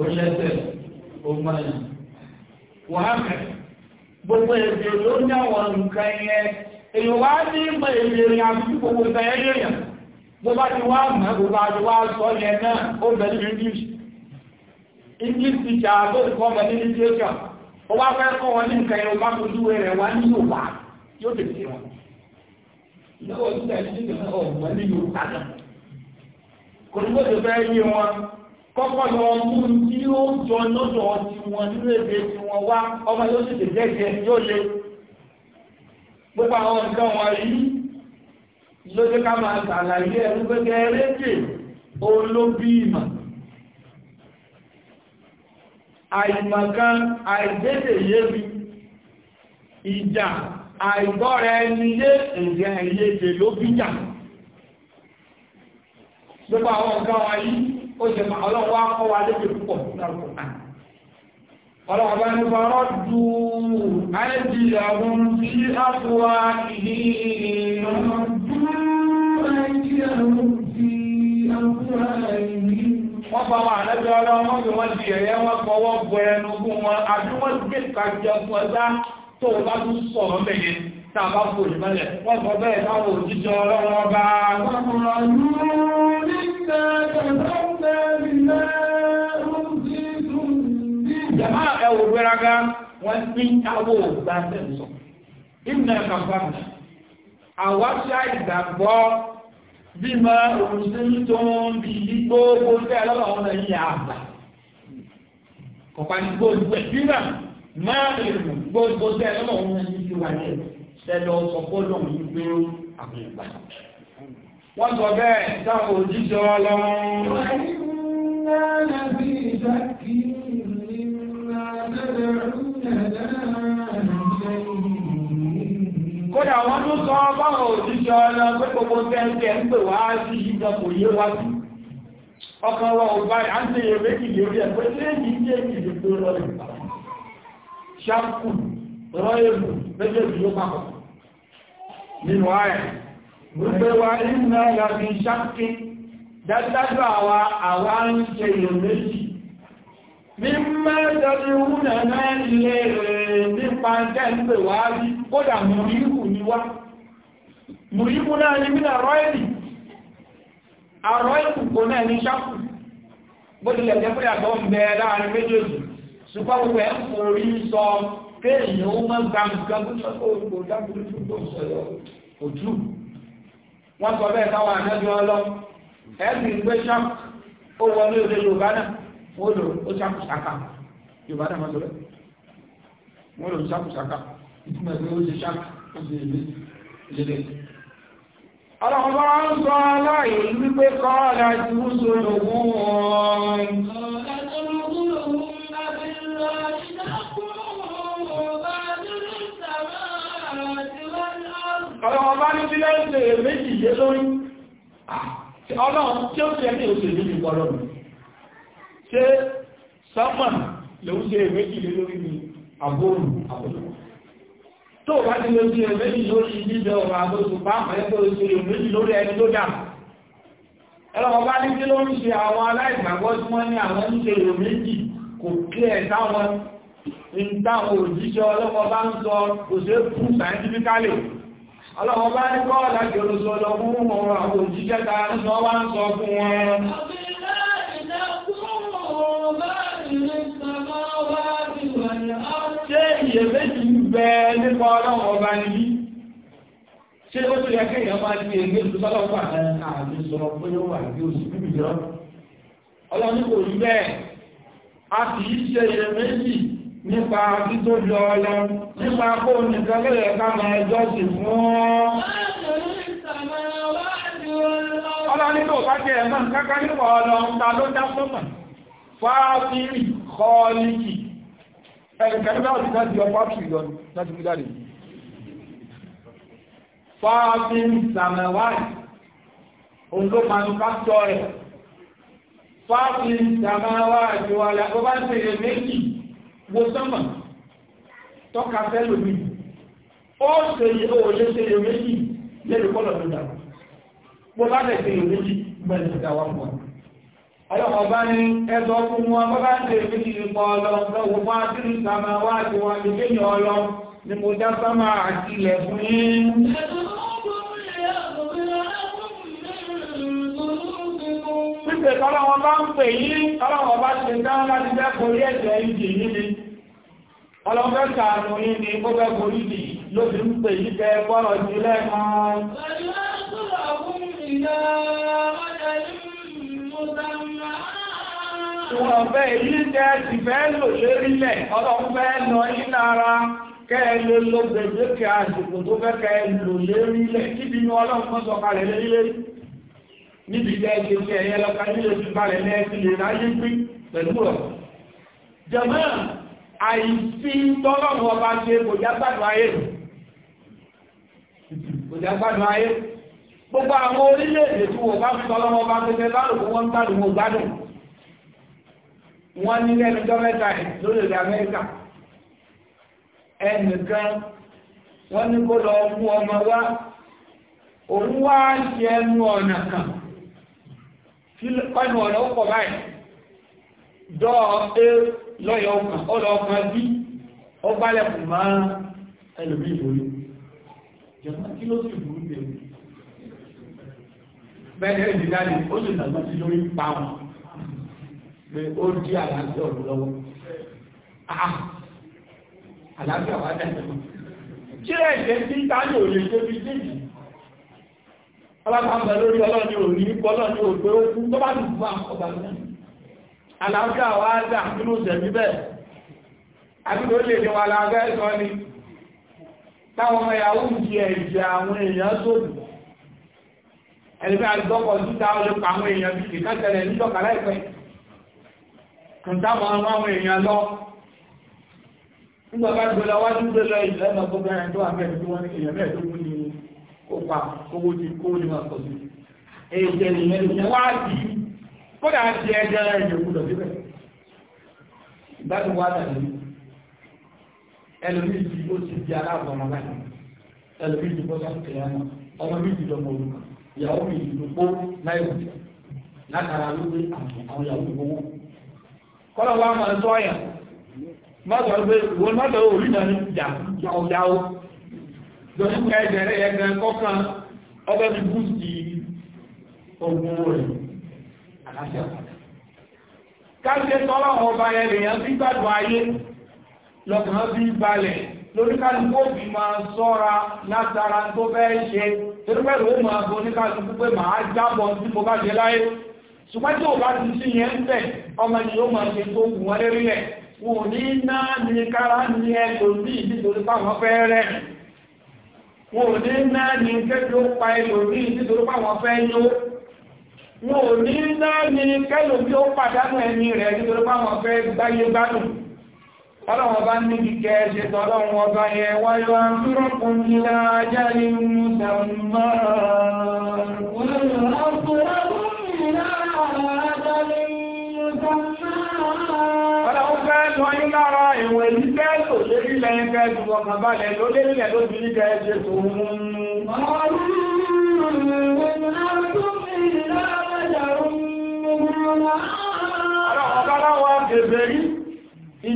ó lẹ́sẹ̀ ó mọ̀yàn gbogbo èdè ló ní àwọn nǹkan yẹn èyàn wá ní ìmọ̀ èdè ìrìn àti gbogbo ìgbà ẹ̀rẹ́ yẹn bó bá ti wá mọ̀ gbogbo àti wá sọ yẹn náà ó bẹ̀rẹ̀ English English teacher bẹ̀rẹ̀ ní literature ó wá fẹ́ kọ́ wọn ní nǹkan yẹn ó bá tó dúró rẹ̀ wá ní yóò tètè wọn ìgbà náà ọ̀gbọ́n ní náà kò ní kọ́kọ́ yọ ọmú tí ó jọ lọ́dọ̀ ti wọn nínú èdè tí wọ́n wá ọmọ yóò sì tẹ̀lé ẹ̀jẹ̀ yóò le gbogbo àwọn nǹkan wọn yìí ló jẹ́ ká máa ṣàlàyé ẹ̀rú gbẹ́gẹ́ rédè olóbí àìmọ̀kan àìdédè yébi ìjà àìgbọ́ra ẹni yé ẹ̀jẹ̀ ẹ̀yẹ́jẹ̀ ló bíjà gbogbo àwọn nǹkan wọn yìí ó ṣe máa ọlọ́wọ́ akọ́ wa lédè púpọ̀ lọ́rùn a fò tó bá tún sọ̀rọ̀ tàbá fò wọ́n bẹ́ẹ̀ táwọn òjíjọ bá wọ́n منا كفرنا بما أنزلتم به جماعة وبركة ومن أبو باتنسو إنا كفرنا àwáṣá ìgbàgbọ́ bí ma òrùsí tó ń bí i gbogbo tẹ́ lọ́wọ́ ọmọ ẹ̀yìn àgbà kọ̀pá ní gbogbo ìgbà máa èrò gbogbo tẹ́ lọ́wọ́ ọmọ ẹ̀yìn tí wà ní ẹ̀sẹ̀ lọ sọ pé àwọn ìgbà wọ́n sọ bẹ́ẹ̀ sáwọn òjíṣẹ́ ọlọ́run. kódà wọ́n tún sọ báwọn òjíṣẹ́ ọlọ́run pé gbogbo tẹ́ńtẹ́ ń pè wá sí ìjọ kò yé wá sí ọkàn wa ò bá à ń ṣe èrè ìlú rẹ̀ pé lẹ́yìn jẹ́ ìlú tó rọrùn ṣáàkù rọ́ọ̀lù méjèèjì ló nínú ààrẹ wípé wa iná yàbí ṣáàkì dájájú àwa àwa ń ṣe ìrìnlẹ́jì mímọ́ ìjọdí wúnà náà ilé rẹ̀ nípa jẹ́ǹpẹ̀ wá rí kódà mùríkù ni wá mùríkù náà ni mínà rọ́ẹ̀lì àrọ́ẹ̀kù náà ní ṣáàkù gbogbo wọ́n sọ bẹ́ẹ̀ táwọn ànábì wọn lọ ẹ̀ẹ́dì gbé ṣáp ó wọ ní òde yorùbá náà wọ́n lò ó ṣàkùṣàkà yorùbá náà mọ́tò rẹ̀ wọ́n lò ó ṣàkùṣàkà ìtumọ̀ pé ó ṣe ṣáp ó ṣe èlé ìdílé. ọlọ́run bá ń sọ aláìní wípé kọ́ ọ̀la ìtúwúso lòun ọlọ́wọ́n bá ní sílẹ̀ ìṣẹ̀lẹ̀ méjì yé lórí ọlọ́run tí ó ti ẹni òṣèlú ní ọlọ́run ṣe sọ́pọ̀n ló ń ṣe méjì lé lórí ní àbóòrùn àbóòrùn tó bá ti lè ṣe méjì lórí jíjẹ ọ̀rọ̀ àbóòrùn bá mẹ́kọ́ ṣe méjì lórí ẹni tó dà ọlọ́wọ́n bá ní kí ló ń ṣe àwọn aláìgbàgbọ́ tí wọ́n ní àwọn ń ṣe méjì kò kí ẹ̀ táwọn ń ọlọ́wọ́ bá ní kọ́ láti olùsọ̀lọ́ fún ọ̀rọ̀ àwọn òjíṣẹ́ ta ní sọ wá ń sọ fún wọn. ṣé iyèméjì ń bẹ nípa ọlọ́wọ́ ọba níbí ṣé ó ti yẹ kéèyàn máa ti èmi olùsọ̀lọ́ fún àwọn àmì sọ pé ó wà ní oṣù bíbí jọ ọlọ́run kò rí bẹ́ẹ̀ a kì í ṣe iyèméjì nípa tító jọ ọlọ nípa kó nìkan lóye ká máa ẹjọ́ sì fún ọ́. ọlọ́ nínú ìbájẹ́ ẹ̀mọ́ kankan nípa ọlọ ta ló dá sọ́mà fáfírì kọ́ọ̀lìkì ẹ̀kẹ́kẹ́ náà ti dá sí ọpá tù yọ láti fi jáde fáfírì sàmẹ̀wáì olómanufactọ́rẹ̀ fáfírì sàmẹ̀wáì wà lẹ́kọ́ bá ń ṣe èméjì wo sánmà tọ́ka fẹ́ lómi ó ṣe òòlé ṣe yẹ méjì lẹ́rù kọ́lọ̀ ló dàrú mo bá lẹ̀ ṣe yẹ méjì mẹ́rin ṣe àwọn ọmọ ọlọ́pàá bá ní ẹgbẹ́ ọkùnrin wọn bá bá ń ṣe méjì nípa ọlọ́wọ́ bá sí ní sàmà wá àti wọn ní kéèyàn ọlọ́ ni mo dá sánmà àti ilẹ̀ fún yín Pípẹ̀ tọ́lọ́wọ́ bá ń pè yí, tọ́lọ́wọ́ bá ṣe dá láti dẹ́kun orí ẹ̀jẹ̀ ìjì yìí ni ọlọ́fẹ́ kàánù yìí ni ó fẹ́ borí dì ló fi ń pè yí kẹ bọ́rọ̀ sí lẹ́kan. Ìwọ̀nfẹ́ èyí jẹ́ ti fẹ́ lò lérílẹ̀, ọlọ́fẹ́ lọ nínú ara kẹ́ẹ̀lẹ́ ló gbẹ̀gbẹ̀kẹ́ àsìkò tó fẹ́ kẹ́ẹ̀lò lérílẹ̀ níbi ni ọlọ́fẹ́ sọ kalẹ̀ lérílẹ̀ níbi jẹ́ ẹgbẹ̀ tí ẹ̀yẹ lọ́ka nílé ti balẹ̀ lẹ́ẹ̀kì lè ráyé gbí pẹ̀lú rọ̀. Jẹ̀mọ́ àìsí tọ́lọ́run ọba ṣe kò jágbàdùn ayé kò jágbàdùn ayé gbogbo àwọn orílẹ̀-èdè tí wọ́n bá fi tọ́lọ́run ọba tẹ́tẹ́ lárùkú wọ́n ń tàbí wọn gbádùn wọ́n ní lẹ́nu gọ́mẹ́ta ẹ̀ lórílẹ̀ Amẹ́ríkà ẹnìkan wọ́n ní kó lọ mú ọmọ wá òun wá ṣe ẹnu ọ̀nà kan kọ́nù ọ̀nà ó pọ̀ báyìí dọ́ọ̀ lọ́yọ̀ ọkàn ọlọ ọkàn bí ó gbálẹ̀kùn máa ẹlòmí ìborí jọba kí ló sì burú bẹ̀rẹ̀ bẹ́ẹ̀ ẹ̀rì dáadé ó lè nàgbà sí lórí pa wọn pé ó dí àlàáfíà ọ̀rọ̀ lọ́wọ́ àlàáfíà wà dáadé kí rẹ̀ jẹ́ sí táyọ̀ ò lè débi débi ọlọ́pàá ń bẹ lórí ọlọ́ni òní ọlọ́ni òpé ó kú tó bá dùn fún àkọ́bà náà àlàáfíà wá dà nínú ìṣẹ̀mí bẹ́ẹ̀ àbíkò lè ní wà láàbẹ́ ẹ̀sọ́ ni táwọn ọmọ ìyàwó ń di ẹ̀jẹ̀ àwọn èèyàn sódì ẹni bí agbọ́kọ̀ síta ọlọ́ pa àwọn èèyàn bí ìkẹ́sẹ̀lẹ̀ níjọ̀kà láìpẹ́ kùntàmọ́ àwọn èèyàn lọ nígbà bá gbọ́lá wájú gbé lọ ìlú ẹ̀nà gbogbo ẹ̀yàn tó wà mẹ́rin tí wọ́n ní èèyàn mẹ́rin tó mú ní kópa owó ti kó ní wọn sọ sí èèyàn ìyẹn wá sí kódà ti ẹjẹ́ ìyẹ̀kúdọ̀ síbẹ̀ ìgbádùn tàbí ẹlòmí ti ó ti di aláàbọ̀ ọmọ ẹlòmí ti bọ́ sọ́kè ẹ̀yàn ọmọ mi ti dọ̀mọ̀ olùkọ́ ìyàwó mi ti dòpó láìwò látara lórí àwọn ìyàwó gbogbo kọ́lọ̀ wá máa tọ́ ọ̀yà mọ́tò pé wọ́n mọ́tò orí náà ní jàújáú lórí ẹgbẹ̀rẹ̀ ẹgbẹ̀rẹ̀ kọ́kàn ọbẹ̀ mi bú sí ogun káṣẹ́ tọ́lá ọba ẹlẹ́yàn sí gbádùn ayé lọ́kàn bí balẹ̀ lórí kálukú òbí máa sọ́ra látara tó bẹ́ẹ̀ ṣe torí pẹ̀lú ó máa bọ oníkálukú pé màá jábọ̀ tí mo bá ṣe láyé ṣùgbọ́n tí ò bá ti sí yẹn ń ọmọ ni ó máa ṣe tó wù wọ́n lérí rẹ̀ wọn ò ní ná ní kára ní ẹlòmíì nítorí fáwọn fẹ́ rẹ̀ wọn ò ní ná ní kéde ó pa ẹlòmíì nítorí fáwọn fẹ́ yóò wọn ò ní náà ní kẹ́lò bí ó pàdánù ẹni rẹ̀ nítorí pàwọn fẹ́ gbáyé gbádùn ọlọ́wọ́n bá níbi kẹ́ẹ̀ṣẹ́ tọ́lọ́wọ́n ọba yẹn wáyé wá ní láàájá ní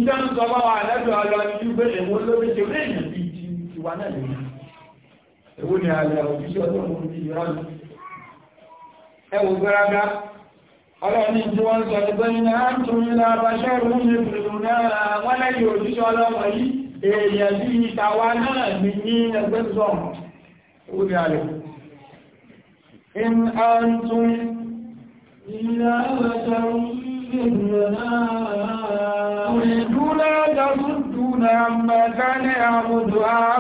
ìjọ́ ń sọ bá wà lẹ́bí ọlọ ní pé èwo lórí ṣe orí èèyàn bíi ti tiwa náà lè ní èwo ni àlẹ́ òṣìṣẹ́ ọlọ́run ti yọ ọ́nà ẹ wò gbéraga ọlọ́ni wọ́n sọ ti pé iná ń tún ní lábáṣẹ́ òun ní ìpìlú náà wọ́n lẹ́yìn òṣìṣẹ́ ọlọ́run yìí èèyàn bí ìtawà náà ní ní ẹgbẹ́ sọ̀rọ̀ a ń يريدون يصدون عما كان يعبد wa.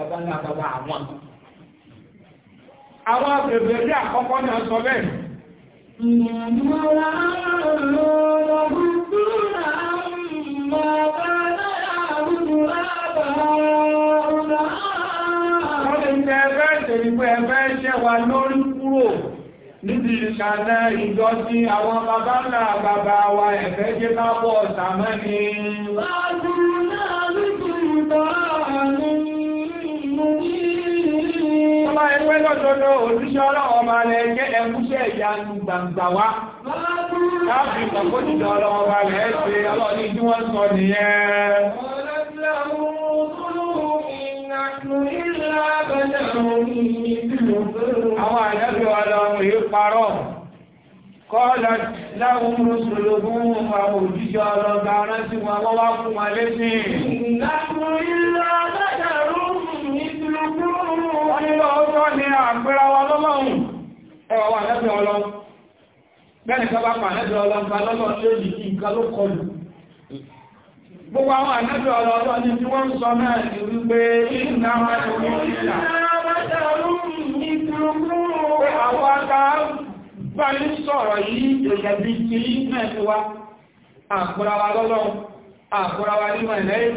ọ̀dọ́ àwọn bèbè rí àkọ́kọ́ náà sọ bẹ́ẹ̀ Níbi ìṣànà ìjọ sí àwọn bàbá náà bàbá wa ẹ̀fẹ́ jẹ́ bá bọ̀ sàmọ́ ni. Bá jù náà lùtù ìtọ́ wá ewé lọ́dọọdọ òṣìṣẹ́ ọlọ́wọ́ máa lẹ jẹ́ ẹkúṣẹ́ ìyanu gbàǹgbà wá láàbí ìgbàkójìdọ̀ ọlọ́wọ́ wa lẹ́ ṣe ọlọ́ni tí wọ́n sọ nìyẹn. Kọ́lá láwọn mùsùlùmí fún àwọn òjíṣẹ́ ọlọ́gbà rántí wọn wọ́n wá fún wọn lẹ́sìn. Ìnáwó ilẹ̀ nílò ọjọ́ ní àgbéra wa lọ́lọ́run ẹwà wà lẹ́bẹ̀ ọlọ́run bẹ́ẹ̀ni kọba pa lẹ́bẹ̀ ọlọ́run lọ́lọ́run lórí nǹkan ló kọlù gbogbo àwọn àlẹ́bẹ̀ ọlọ́run ni tí wọ́n ń sọ náà ní wípé ìrìnà wọn ni wọ́n ń rìnà àwọn aka bá ní sọ̀rọ̀ yìí èyẹ̀ bí ti náà ti wá àgbéra wa lọ́lọ́run àgbéra wa nímọ̀ ìlẹ́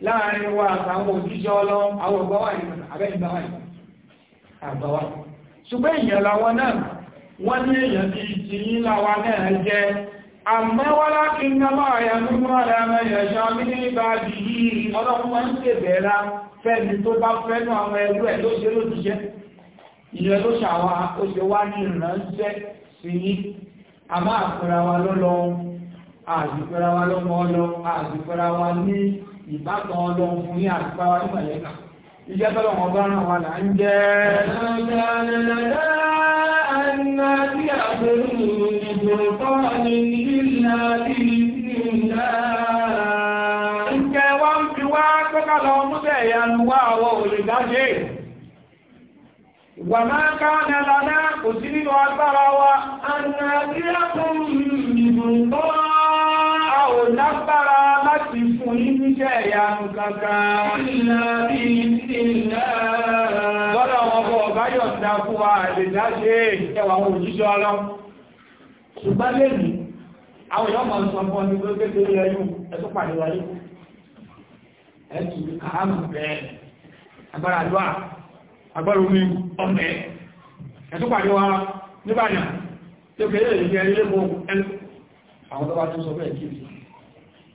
láàrin wa àtàwọn òjíṣẹ́ ọlọ́run àwọn ọgbà wà ní abẹ́gbà wà ní àgbà wà ṣùgbọ́n èèyàn làwọn náà wọ́n ní èèyàn ti ti yí láwa náà jẹ́ àmẹ́wọ́lá kí n náà àyà nínú ara mẹ́yẹ̀ṣọ́ nínú ìgbà yìí ọlọ́run wọ́n ń ṣèbẹ̀ẹ́ra fẹ́ni tó bá fẹ́nu àwọn ẹrú ẹ̀ ló ṣe lójíṣẹ́ ìyẹn ló ṣàwà ó ṣe wá ní ìrànṣẹ́ sí àmọ́ àkùnra wa lọ́lọ́run àdìpẹ́ra wa lọ́mọ ọlọ àdìpẹ́ra wa ní ìbátan ọlọ́run fún ní àdìpẹ́ra wa ní mọ̀lẹ́kà iṣẹ́ tọ́lọ̀ wọn bá ràn wà là ń jẹ́ Wà máa ká ní aláná kò sí nínú agbára wa, ò lágbára láti fún yín níṣẹ́ ìyanu kankan. Bọ́lá wọn bọ̀ báyọ̀ ti dákú wa àdèdá ṣe ẹwà àwọn òjíṣẹ́ ọlọ́. Ṣùgbọ́n lèmi, àwọn èèyàn máa ń sọ fún ọdún pé kékeré ẹyún ẹtún pàdé wáyé. Ẹtù àmì bẹ́ẹ̀ agbára àdúrà agbára omi ọmọ ẹ̀ ẹtún pàdé wa nígbà náà. Ṣé kékeré ìrìnjẹ́ ilé mọ́ ẹnu? Àwọn tó bá tún sọ bẹ́ẹ̀ kí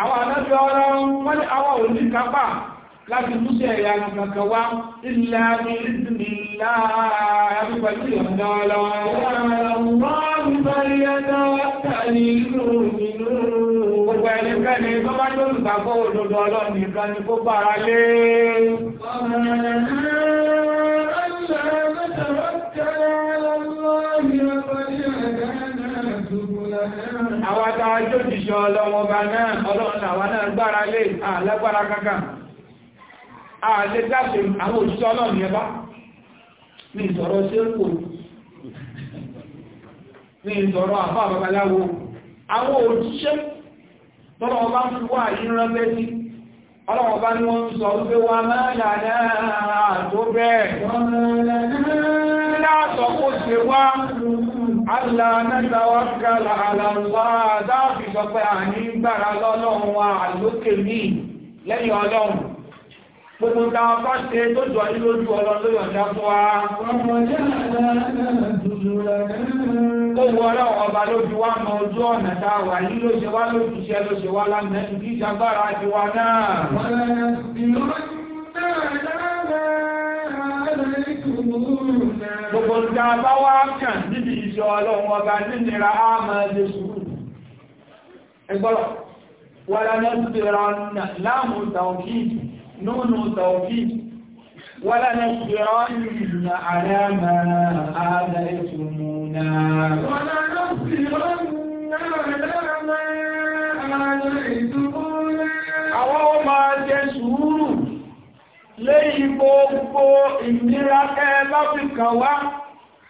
àwọn àdájọ́ ọ̀rọ̀ wọ́n ní àwọn òní kápá láti múṣẹ́ ẹ̀yà kankan wá ilẹ̀ àmì ìdìnnìlá àbíkọ̀tì ọ̀dọ́ ọlọ́run àwọn àtàwà tó jìṣọ́ ọlọ́wọ́n bá náà ọlọ́run àwọn náà gbára lè àlágbára kankan ààlé dáṣe àwọn òṣìṣẹ́ ọlọ́run yẹn bá ní ìsọ̀rọ̀ sí èkó ní ìsọ̀rọ̀ àfá àwọn òṣìṣẹ́ tọ́lọ̀ aláàtàwákàlà àlàlá dáàbì sọ pé à ní gbára lọ́lọ́run wa lókè ní lẹ́yìn ọlọ́run gbogbo ta ọkọ́ ṣe tó jọ ní lójú ọlọ́run ló yọ̀ǹda fún wa owó ọlọ́run ọba lójú wa mọ ojú ọ̀nà tá wà yí ló wá lójú iṣẹ́ ló wá lánàá gbogbo ta wá kàn níbi ìṣọ́ ọlọ́run ọba nínira á máa lè sùúrù ẹgbọ́rọ̀ wàlánàṣìrànà láàmù tàwọ̀kì nínú tàwọ̀kì wàlánàṣìrànà àrẹ́mà àdàẹ́sùmùnà àwọn ọmọ jẹ sùúrù lẹ́yìn gbogbo ìnira ẹ bá wá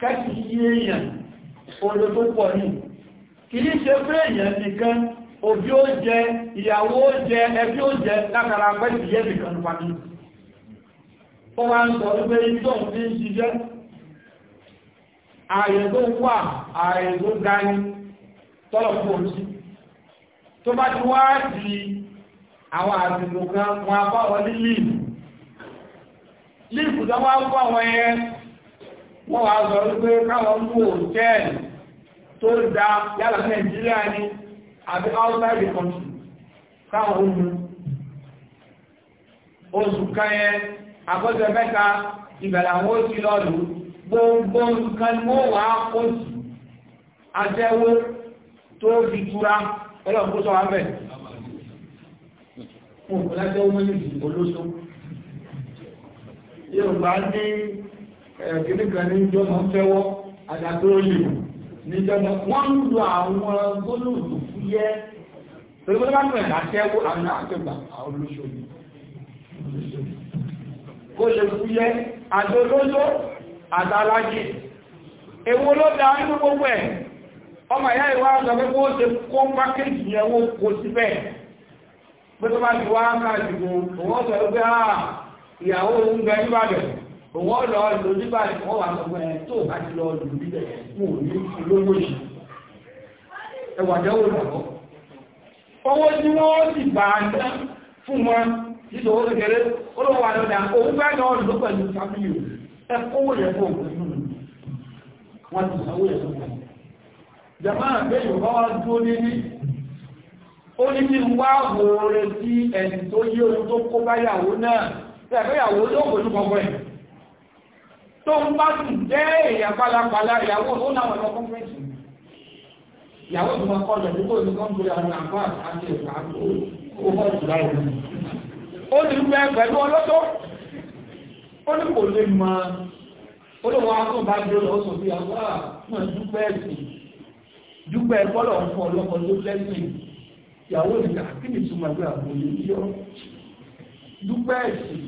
kẹ́kì yí èèyàn oòrò tó pọ̀ ní kì í ṣe pé èèyàn nìkan òbí ó jẹ ìyàwó ó jẹ ẹbí ó jẹ lákàrà pẹ́sì yẹ́ nìkan pàdé ó wá ń sọ wípé ìjọ ní ṣiṣẹ́ ààyè tó wà ààyè tó ga ní tọ́lọ̀ fún òsì tó bá ti wá di àwọn àdìgbò kan wọn abáwọn ní líìfù líìfù tó wá ń fún àwọn ẹyẹ wọ́n wá sọ wípé káwọn mú òtẹ́ẹ̀lì tó dá yálà nàìjíríà ní àbí outside the country káwọn ohun oṣù kanyẹ àkọ́jọ mẹ́ta ìbẹ̀lẹ̀ àwọn oṣù lọ́dù gbogbo nǹkan ni wọ́n wá oṣù àtẹ́wó tó fi túra ọlọ́pọ̀ sọ wá bẹ̀ Yorùbá ní ẹ̀kìní eh, kan ní ìjọba fẹ́wọ́ àdàtòlì níjọba wọ́n ń lo àwọn gbólóòdù fúyẹ́ torí wọ́n bá ń rìn àṣẹ́wó àwọn àṣẹ́gbà àwọn olóṣòlì kó lè fúyẹ́ àdólójó àtàlájì èwo ló da nínú gbogbo ẹ̀ ọmọ ìyá ìwà àgbà pé kó ṣe kó pákéjì yẹn wó kó síbẹ̀ pé tó bá ti wá káàkiri òun ọ̀sẹ̀ ó gbé àà ah, ìyàwó òun gbẹ níbàdàn òun ọ̀lọ́ ìlú nígbà tí wọ́n wà gbogbo ẹ̀ tó bá ti lọ lù níbẹ̀ mú ní olówó yìí ẹwà jẹ́wò lọ́wọ́ owó tí wọ́n sì bá ná fún wọn títò owó kékeré olówó wà lọ́dà òun bá náà lọ pẹ̀lú fábílì ẹ kówó yẹ fún òun wọn ti sanwó yẹ fún òun jama àgbẹ̀yìn bá wá dúró níbi ó ní kí wá wòó retí ẹni tó yé ohun tó kó báyàwó náà tó ń bá dùn jẹ́ èèyàn pálapàla ìyàwó ó náwọn ẹ̀rọ kọ́ńfẹ́ǹsì ìyàwó tó máa kọ́ lọ nígbò ní kọ́ńtò àwọn àgbà àti ẹ̀ka ó mọ̀ jù láì lọ. ó ní gbẹ pẹ̀lú ọlọ́tọ́ ó ní kò lè mọ olówó akọ́ bá dúró lọ sọ bí àwọn àmọ́ dúpẹ́ ẹ̀sìn dúpẹ́ bọ́lọ̀ ń fọ ọlọ́kọ̀ tó lẹ́sìn ìyàwó ìgbà kí ni ìtumọ̀ ìgbà kò yọ dúpẹ́ ẹ̀sìn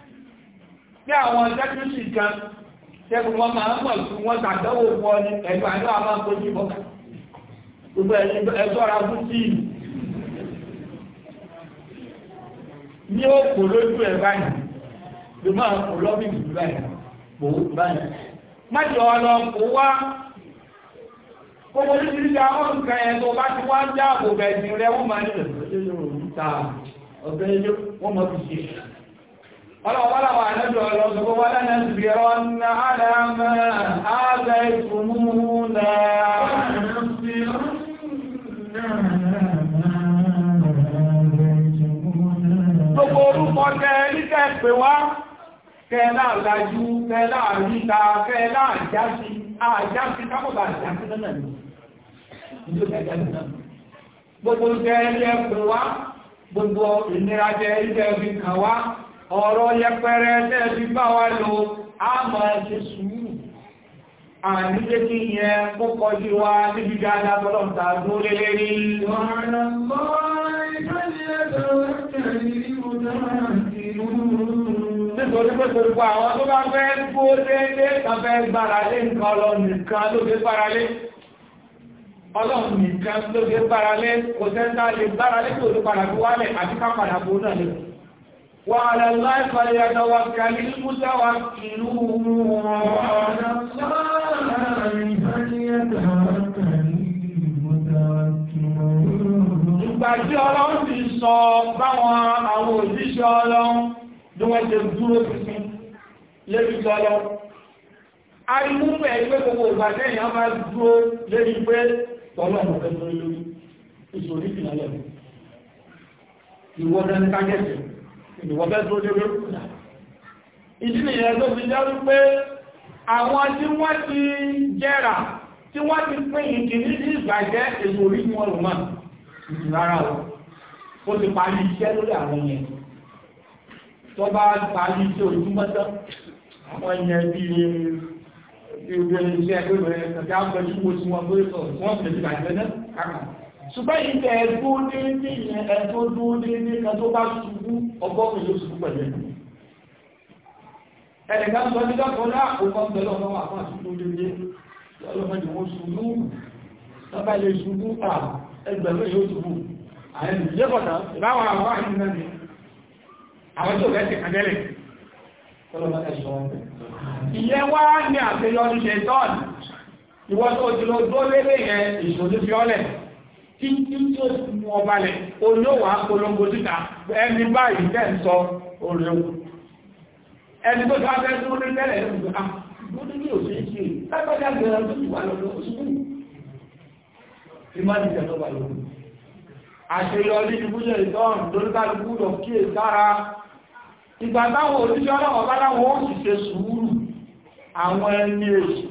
bí àwọn ẹgbẹ́túnṣì kan tẹ́gbùn wọn máa ń sí wọn wọn ni ẹ̀gbà ní àwọn bọ́ gbogbo ẹ̀ṣọ́ ra fún sí ní ó lójú ẹ̀ báyìí ló máa lọ́bì báyìí báyìí kó wá gbogbo àwọn nǹkan ẹ̀ tó bá ti wá ọlọ́wọ́ láwọn àjọ́jọ́ ọlọ́sọ́gbọ́ wọ́n lẹ́nà ìbẹ̀rọ ọ̀nà àdámà ààbẹ̀ ìfòmúnà gbogbo orúkọ tẹ nígbẹ́ pé wá kẹ́ẹ̀lá lájú kẹ́ẹ̀lá ríta kẹ́ẹ̀lá àjásí àjásí kápọ̀bà àjásí lọ́nà gbogbo tẹ ẹgbẹ́ pé wá gbogbo ìnira tẹ ẹgbẹ́ fi kàn wá ọ̀rọ̀ yẹpẹrẹ tẹ́ẹ̀bí bá wá lò á máa ṣe sùúrù àníjẹ́ kí yẹn kó kọjú wa níbi dáadáa tọ́lọ̀ ta dún lélé rí nítorí pé torí pa àwọn tó bá fẹ́ gbó déédé tàbẹ́ gbáralé nǹkan ọlọ́run nìkan ló fẹ́ gbáralé ọlọ́run nìkan ló fẹ́ gbáralé kò sẹ́ńtà lè gbáralé kò tó padà fi wálẹ̀ àti ká padà bó náà lè وعلى الله فليتوكل المتوكلون وعلى الله فليتوكل Ìgbà tí ọlọ́run ti sọ báwọn àwọn òjíṣẹ́ ọlọ́run ní wọ́n ti dúró tuntun lérí tọ́lọ́. A rí mú ẹgbẹ́ gbogbo ìgbà tẹ́yìn a dúró lérí pé tọ́lọ́run fẹ́ lórí ìṣòrí ìfìnàlẹ̀. Ìwọ́n ìwọ̀fẹ́ tó lérò ìdí nìyẹn tó fi jẹ́ wípé àwọn tí wọ́n ti jẹ́ra tí wọ́n ti pín ìkì ní ìgbàjẹ́ èso orí wọn rò mọ́ rárá o ó ti parí iṣẹ́ lórí àwọn yẹn tó bá parí iṣẹ́ ojúmọ́ tán àwọn yẹn bí i ìgbẹ̀rẹ̀ iṣẹ́ ẹgbẹ̀rẹ̀ kàkà pẹ̀lú oṣù wọn pé wọ́n ṣùgbọ́n yìí tẹ ẹ̀dún déédéé yẹn ẹ̀dún dún déédéé kan tó bá ṣubú ọgọ́rin ló ṣubú pẹ̀lú ẹ̀dùn ẹ̀rẹ̀ kan sọ ní dákọ̀ ní àkókò ọ̀bẹ̀lọ́ ọmọ àpá àtúntò déédéé ọlọ́mọdé wọn ṣubú lọ́bàá lè ṣubú pa ẹgbẹ̀rún yóò ṣubú ṣe tọ́ọ̀nì ìwọ́n tó ti lọ dó lélẹ̀ yẹn ìṣòdí fi ọ́lẹ̀ tí tí tí ó ti mú ọba lẹ̀ oníwà polongo síta ẹni báyìí tẹ́ ń sọ orewu ẹni tó bá fẹ́ tó rí tẹ́lẹ̀ lóògbé a gbọ́dọ̀ ní òṣèlú ṣe lágbàdá gbẹ̀rẹ̀ tó ti wà lọ́dọ̀ ṣubú ìmọ̀ ìjẹ̀ tó wà lọ́dọ̀ àṣeyọrí ìbújẹ̀ ìtọ́n lóríkàlùkù lọ kí è sára ìgbà táwọn òṣìṣẹ́ ọlọ́wọ́ bá láwọn ó sì ṣe sùúrù àwọn ẹni èṣù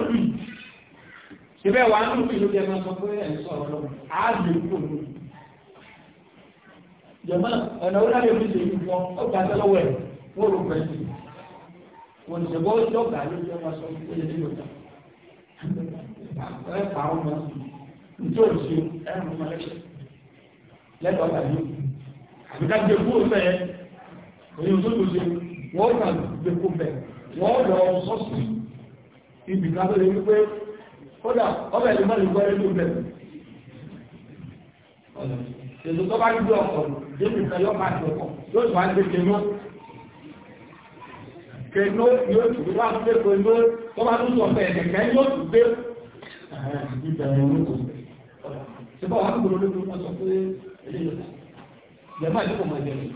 síbẹ̀ wà nínú ìlú jẹmọ́ sọ pé ẹ̀ sọ̀rọ̀ lọ ààbò ìlú òun jẹmọ́ ọ̀nà orí àlè fi ṣe ìfọ́ ó gbà tẹ́ lọ́wọ́ ẹ̀ wọ́n rò pẹ́ sí kò ní ṣègbọ́ ìjọba ló jẹ́ wọn sọ pé ẹ̀ yóò ta ẹ̀ pa ọmọ nítorí ṣe ẹ̀ ń mọ ẹ̀ṣẹ̀ lẹ́tọ̀ọ́ tàbí àbíká gbé kú òun bẹ́ẹ̀ òun tó tó ṣe wọ́n kà gbé kú wọ́n lọ sọ́sì kódà ọbẹ̀ ló mọ́lẹ̀ gbọ́ nínú bẹ̀. Èso tó bá ń gbé ọkọ̀ débi kan yọ́ máa ti ọkọ̀ yóò tún wá gbé kenó. Kenó yóò tún wá gbé kenó tó bá tún sọ̀fẹ̀ ẹ̀kẹ́ yóò tún gbé. Ìbẹ̀rẹ̀ ló kò. Ṣé bá wà á gbòòrò lóko wọn sọ pé eléyìí lọ. Yẹ̀mọ́ àdúgbò máa jẹ́ mi.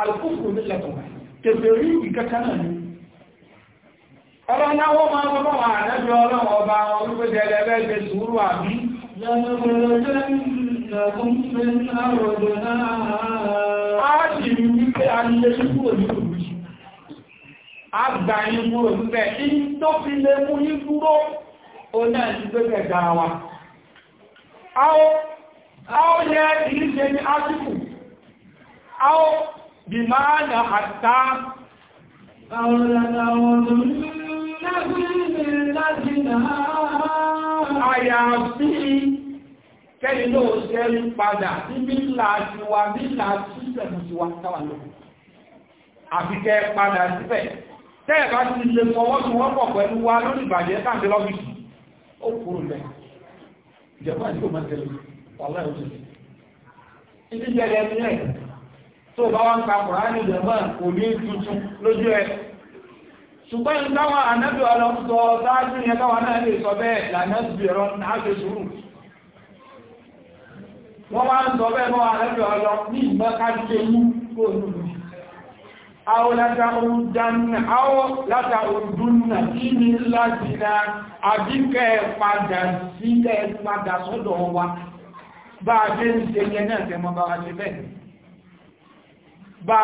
Àlùkò kò ní lẹ́kọ̀ọ́. Kèfèrí ìkẹ́kẹ́ náà ni ọba náwó máa ń bọ́ wọn àdájọ́ ọlọ́wọ́ ọba olúgbé jẹ́lẹ̀ ẹgbẹ́ sùúrù àbí. a sì rí wípé a ní òru yìí a náà ti Àwọn ọ̀rọ̀ àwọn ọ̀dọ́ nínú Àyàfi kẹ́lì náà ṣẹ́rí padà sí mílà tiwa mílà tí ìṣẹ̀lú tiwa táwà lọ. Àfi kẹ́ padà síbẹ̀. Tẹ́ẹ̀ bá ti lè fọwọ́sowọ́pọ̀ pẹ̀lú wa lórí ìbàjẹ́ tàbí lọ́bìsì. Ó kúrò lẹ́. Ìjọba ìjọba máa tẹ̀lé. Wàlá ìjọba. Ìdíjẹ́ ẹni ẹ̀ tó bá wá ń ka Kùránì ìjọba kò ní tuntun lójú ẹ̀ ṣùgbọ́n ìdáwọn ànábì ọlọ́pùtọ̀ sáájú yẹn káwọn náà lè sọ bẹ́ẹ̀ lànàbì ẹ̀rọ náà ṣe sùúrù wọ́n wá ń sọ bẹ́ẹ̀ mọ́ ànábì ọlọ́ ní ìgbọ́kájé mú fóònù àwọn látà òdúnnà kí ní láti na àbíkẹ́ padà sílẹ̀ padà sọ́dọ̀ wa bá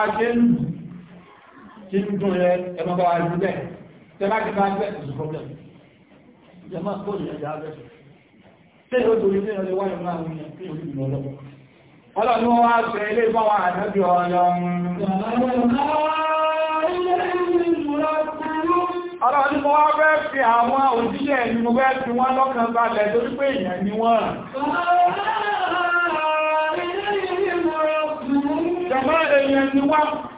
tí ń dùn rẹ ẹmọ bá wà ní bẹ́ẹ̀ tẹ bá ti bá bẹ́ẹ̀ tó problem ìjọ máa kó ìyẹn dá bẹ́ẹ̀ tí ó torí ní ọdẹ wáyé máa wù yẹn tí ó rí ìmọ̀ lọ́wọ́ ọlọ́ni wọn wá sọ ilé ìfọ́ wa àdábì ọlọ́ni mo wá fẹ́ fi àwọn òjíṣẹ́ ẹni mo fẹ́ fi wọ́n lọ́kàn balẹ̀ torí pé èèyàn ni wọ́n ṣọ̀gbọ́n èèyàn ni wọ́n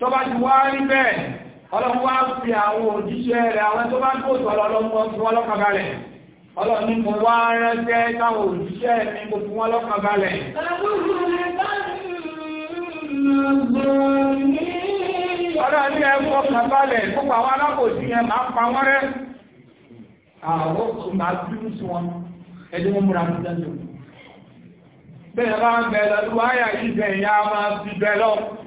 tó bá ti wá rí bẹ́ẹ̀ ọlọ́run wá fi àwọn òjíṣẹ́ rẹ̀ àwọn tó bá ń kó sọ ọlọ́run fún wọn lọ́kàn balẹ̀ ọlọ́run ní mo wá ránṣẹ́ táwọn òjíṣẹ́ mi mo fún wọn lọ́kàn balẹ̀. ọlọ́run ní ẹ̀kọ́ ọkàn balẹ̀ gbogbo àwọn alákòóso yẹn máa pa wọ́n rẹ́ àwọn oṣù máa bínú sí wọn ẹjọ́ wọn múra nígbà tó. bẹ́ẹ̀ bá ń bẹ̀rẹ̀ lọ́dún wáyà yìí bẹ̀rẹ̀ yá máa fi bẹ́ẹ̀ lọ́wọ́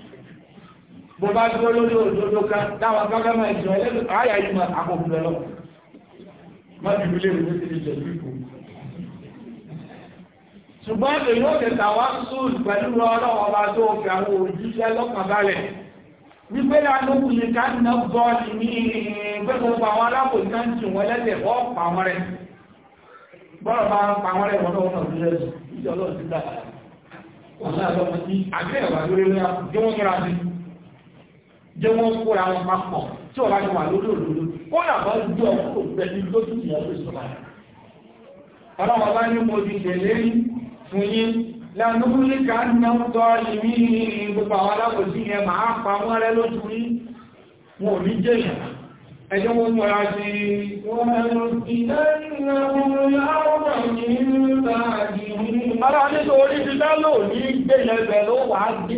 bó bá dúró lórí òdodo kan táwọn gágámà ìjọ ẹlẹ́dùn àyà yìí máa àkókò lọ má ti fi léèrè ló ti di jẹ̀bi kù. ṣùgbọ́n èyí ò tẹ̀sà wá sùn pẹ̀lú ọlọ́wọ́ bá tó fi àwọn òjíṣẹ́ lọ́kàn balẹ̀ wípé lánàkù ní ká ní bọ́ọ̀lì ní pé gbogbo àwọn alábòjá ń tì wọ́n lẹ́sẹ̀ ọ́ pa wọ́n rẹ̀ bọ́ọ̀lù bá ń pa wọ́n rẹ̀ wọ́n náà fi lẹ́sẹ̀ ìjọ lọ́ọ̀ sí dáadáa wọ́n náà lọ́mọ sí àgbẹ̀ ẹ̀wà lórí wọn kí wọ́n múra sí i jẹ́ wọ́n kóra wọn máa pọ̀ tí ọ̀rá ni wà lórí òdodo ó yà bá gbé ọkọ̀ pẹ̀lú lójú ìyá lórí sọ́la. ọlọ́wọ́ bá ní mo di tẹ̀lé fún yín lánàá ní ká ní wọ́n tọ́ ìmí gbogbo àwọn alákòóso yẹn máa pa wọ́n rẹ lójú rí wọn ò ní jẹ́yàn ẹjọ́ wọn múra sí i. wọ́n lọ sí lẹ́yìn àwọn yàrá yìí ń bá a jì. ọlọ́run nítorí ti dá lò ní gbẹ̀yẹ̀ bẹ̀rẹ̀ ó wàá bí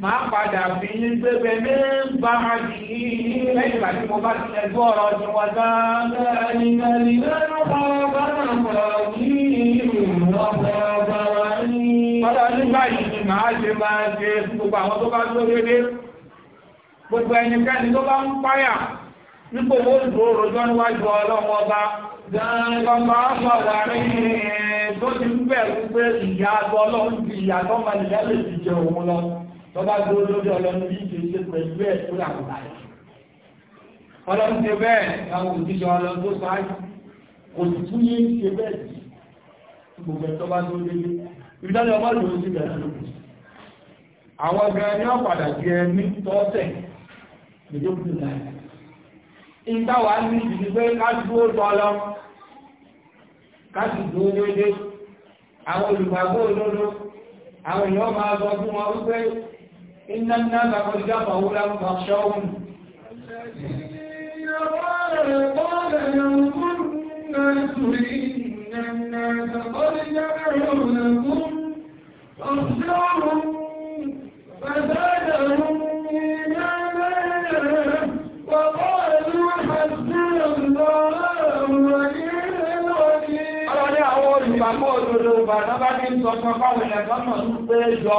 máa padà fi yín gbébẹ ní bámadì yìí lẹ́yìn ìgbà tí mo bá ti ẹ gbọ́ ọ̀rọ̀ tí wọ́n dá. ẹ̀yìn ẹ̀yìn lẹ́nu ọ̀gá náà pọ̀ ní ìrùlọ́pọ̀ ọ̀gá ní. ọ̀dọ̀ nígbà yìí ni màá ṣe máa ṣe gbogbo àwọn tó bá tó dédé. gbogbo ẹnikẹ́ni tó bá ń páyà nípò owó ìbò òròjọ́ níwájú ọlọ́run ọba. gbàǹgbà sọ̀rọ̀ àárín tó ti ń bẹ̀rù pé ìyá tọ́ba dúró lórí ọlọ́run bí ìṣe ṣe pẹ̀lú ẹ̀ tó làwọn báyìí ọlọ́run ṣe bẹ́ẹ̀ láwọn òṣìṣẹ́ ọlọ́run tó sáájú kò sì tún yé ṣe bẹ́ẹ̀ sí gbogbo ẹ̀ tọ́ba dúró lórí ìdájọ́ ọmọ ìlú sí bẹ̀rẹ̀ lókùn àwọn gan ni wọ́n padà jẹ ní tọ́tẹ̀ lójókùn náà ìtawà ní ìdí pé ká dúró tọ́lọ́ ká sì dúró déédéé àwọn olùgbàgbọ́ إن الناس قد كفروا لم تخشوهم قال لو كنا تريد الناس قد جمعوا لكم فاخشوهم فزادهم إيمانا وقالوا حسبنا الله ونعم الوكيل. Ọlọ́dẹ àwọn olùgbàgbọ́ òdodo bàtà bá ti ń sọ fún ọgbà wọlé ẹ̀fọ́ ń pé jọ.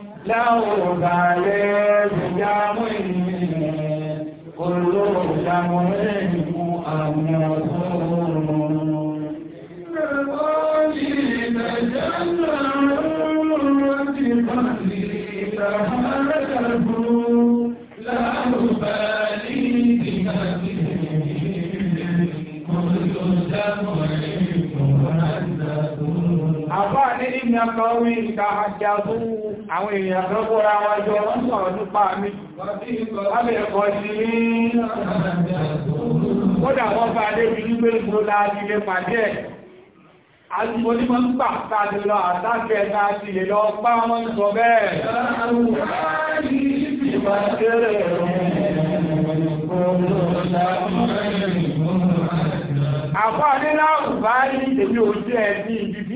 láwùbàlẹ̀ àwọn ọ̀tọ́rùn kan wí ìkà àjàbú àwọn èèyàn kan kóra wọn jọ wọ́n sọ̀rọ̀ nípa mi lábẹ́ ẹ̀kọ́ sí ní kódà wọ́n bá débi wípé ìgbó láti lè pàdé ẹ̀ àti onímọ̀ ń gbà tàbí lọ àtàkẹ́ láti lè lọ pá wọn sọ bẹ́ẹ̀ Àfáà nílá ò bá rí èmi ò jẹ́ ẹ̀bí ìbí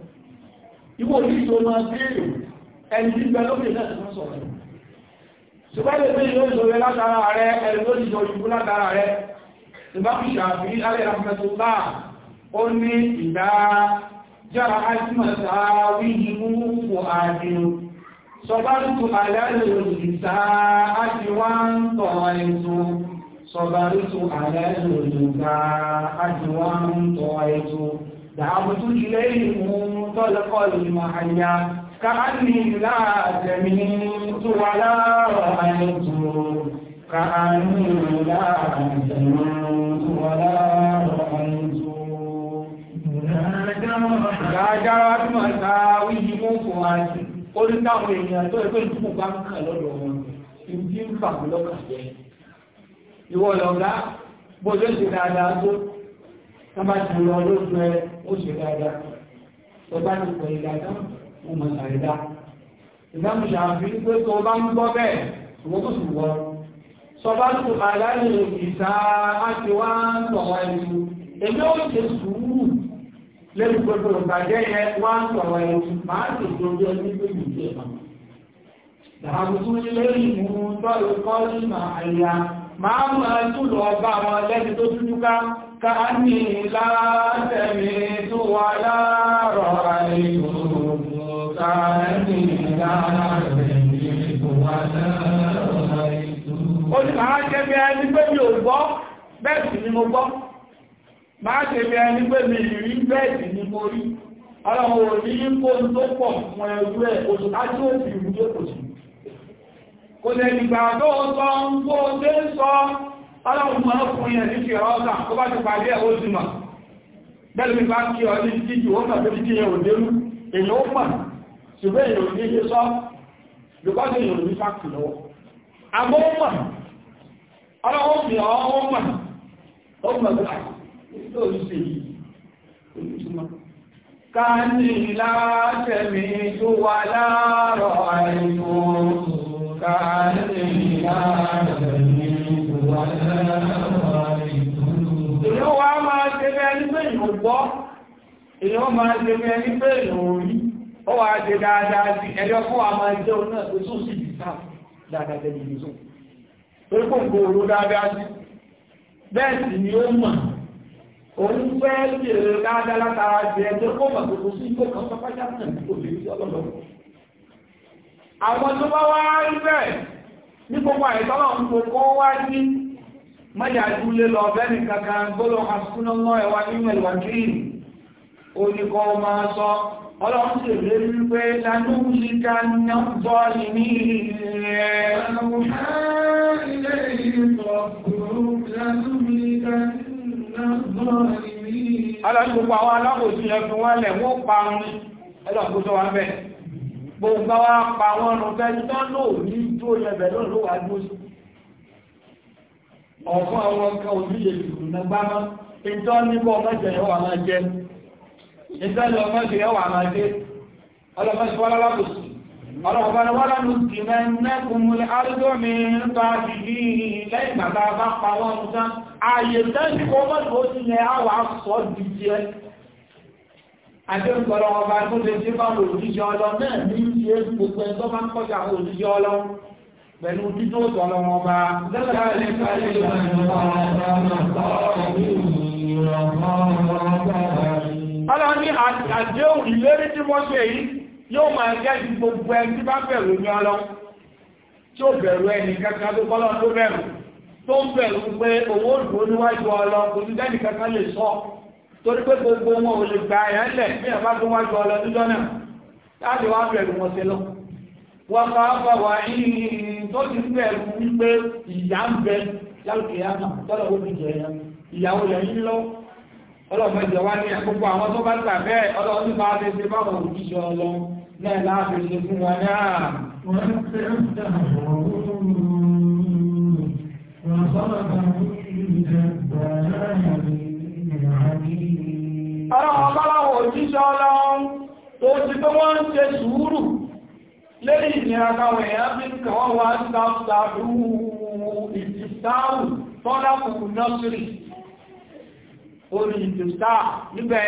ìwò ìṣò máa bèèrè ẹni tí gbẹ lókè náà tó sọ̀rọ̀ ṣùgbọ́n ìgbẹ́ ìlú ìṣòro látara rẹ ẹni tó ìṣò ìbú látara rẹ ìbá fi ṣàfi alẹ́ ìrànfẹ́tò bá ó ní ìdá jára àìsímọ̀ta wíyíwú fò àdìrò sọ̀bárùkù àlẹ́lẹ́ òṣìṣà àti wá ń tọ̀rọ̀ ètò sọ̀bárùkù àlẹ́lẹ́ òṣìṣà àti wá ń tọ̀rọ̀ ètò ذهبت إليهم طلق المحيا كأني لا سمعت ولا رأيت كأني لا سمعت ولا رأيت لا tó ẹgbẹ́ ìdúkù bá ń kà lọ́dọ̀ wọn ìdí ń fà mí lọ́kàn jẹ́ sábà ti lọ lóṣù ẹ ó ṣe dáadáa tó bá ti pẹ̀lú dáadáa ó mọ̀ sàrídá ìdáhùn ṣàfihàn pé tó bá ń gbọ́ bẹ́ẹ̀ wọ́n tó sì wọ́ sọba tó àdáyé ìta àti wá ń tọ̀wọ́ ẹnu èmi ó ṣe sùúrù lẹ́nu gbogbo ìbàjẹ́ yẹn wá ń tọ̀wọ́ ẹnu máa ń tètè ojú ẹni pé kì í ṣe mọ̀ dàbùtú ilé ìmú tọ́lù kọ́lù màá àyà máa ń mọ̀ lọ bá wọn lẹ́ni tó dúdú ká كأني لا سمعت ولا رأيت كأني لا سمعت ولا رأيت ó ní màá jẹ́ bí ẹni pé mi ò gbọ́ bẹ́ẹ̀ sì ni mo gbọ́ máa ni mo rí ọlọ́run ò ní kó ń tó pọ̀ fún ẹrú ẹ̀ oṣù ájú òfin ìrújẹ́ kò sí kò lè nígbà tó sọ ń kó dé sọ ọlọ́run máa fún yẹn ní fi ọ̀ọ́gà kó bá ti pàdé ẹ̀ ó ti mọ̀ bẹ́ẹ̀ mi bá kí ọ ní jíjì ó mọ̀ tóbi kí yẹn ò dérú èyàn ó mọ̀ ṣùgbọ́n èyàn ṣe sọ lùkọ́sí èyàn ò ní Èyí wá máa ṣe bí ẹni pé ìlú gbọ́, èyí máa ṣe bí ẹni pé ìlú orí, ó wà ṣe dáadáa sí ẹjọ́ fún wa máa jẹ́ òun náà tó sùn sí ìdíta dáadáa jẹ́ ìlú sùn. Torí kò ń dáadáa sí. Bẹ́ẹ̀ sì ni ó mọ̀, òun fẹ́ bèèrè dáadáa látara jẹ ẹjọ́ kó wá ní mọ́jà ìdúlé lọ bẹ́ẹ̀ni kankan gbọ́dọ̀ àsìkúná mọ́ ẹ̀wà nínú ẹ̀wà kìíní oníkọ́ máa sọ ọlọ́run sì lè rí pé lánú ṣíká ní ọjọ́ ìní ilẹ̀ ọlọ́gbogbo àwọn alábòsí ẹfún wọn lẹ̀ wọ́n pa wọn ẹlọ́gbogbo wọn bẹ̀ gbogbo wa pa wọn rùn fẹ́ tán lóòrí tó yẹbẹ̀ lóòrí gbóṣù ọ̀fún àwọn nǹkan ojúṣe ìjọ níbọ̀ mẹ́jẹ̀ yọ́wà máa jẹ́ ìjọ lọ mẹ́jẹ̀ máa jẹ́ ọlọ́mọ́síwọ́lọ́lọ́kùsù ọlọ́mọ́síwọ́lọ́lọ́kùsù Àjẹ́ ìgbọ̀lọ́wọ́ bá tó lè ṣe bá lòdíjọ́ ọlọ́ náà ní ṣe gbogbo ẹ̀tọ́ máa pẹ̀lú dídó tọ́lọ wọn bá lọ́la nípa ilé ìwà ọlọ́run ní àdéhùn ìlérí tí wọ́n ṣe yìí yóò máa jẹ́ ju gbogbo ẹni tí bá bẹ̀rù ní ọlọ́ tí ó bẹ̀rù ẹni kankan tó kọ́lọ́ tó bẹ̀rù tó ń bẹ̀rù pé owó ìlú níwájú ọlọ kò sí dẹ́nì kankan lè sọ torí pé gbogbo wọn ò lè gba ẹ̀yán lẹ̀ bí ẹ̀bá tó wájú ọlọ níjọ́ náà láti wá bẹ̀rù wọn sí lọ wọ́n bá bá wà ní tó ti wípé ìyá ń bẹ lálùkè yàmà tọ́lọ̀ ó ti jẹ yẹn ìyàwó yẹn yín lọ ọlọ́pàá wá ní àkókò àwọn tó bá gbà bẹ́ẹ̀ ọlọ́run bá a fẹ́ báwọn òjíṣẹ́ ọlọ́run náà láàbẹ̀ ṣe fún wọn náà. wọ́n bá wọn òjíṣẹ́ ọlọ́run tó ti tó wọ́n ń ṣe sùúrù lẹ́yìn ìnira káwọn èèyàn bí kọwọ́ wá sáàrù ìtìsáàrù tọ́lá kùkù nọ́sìrì orí ìtìsáà níbẹ̀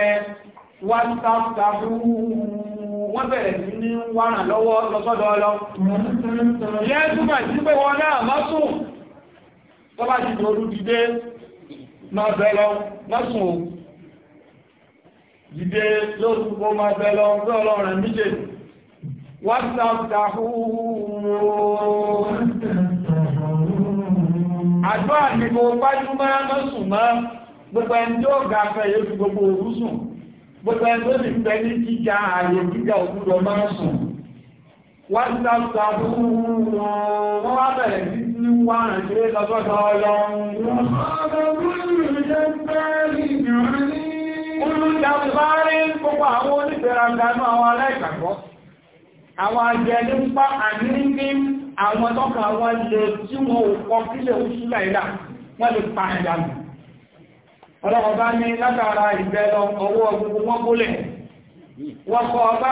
wá sáàrù wọ́n bẹ̀rẹ̀ sí ní wárà lọ́wọ́ lọ́sọ́dọ̀ lọ yẹ́sùmà sí pé wọ́n náà mọ́sùn tọ́bá ti torú dìde máa bẹ̀ lọ mọ́sùn dìde lóòrùn gbogbo máa bẹ̀ lọ bẹ́ ọlọ́run méjèèjì wọ́n Àjọ́ àmì kò pájú máa mọ́ sùn mọ́ gbogbo ẹni tí ó ga fẹ́ yóò fi gbogbo òru sùn, gbogbo ẹni tó sì ń bẹ ní jíjà ààyè jíjà òkúrọ máa sùn. Wọ́n ti sáàtà fún wọn wá bẹ̀rẹ̀ sí sí wá àṣírí lọ́sọ́dọ̀ ọlọ́run. Olúdàbárí gbogbo àwọn onífẹ́ràn àwọn ajẹ́lé ń pá àníní àwọn tọ́ka wọn lè tí wọn ò kọ sílẹ̀ oṣù láìlá wọ́n lè pa ìyàmù ọlọ́wọ́ bá ní látara ìbẹ́ lọ ọwọ́ gbogbo wọn bólẹ̀ wọ́n kọ́ ọba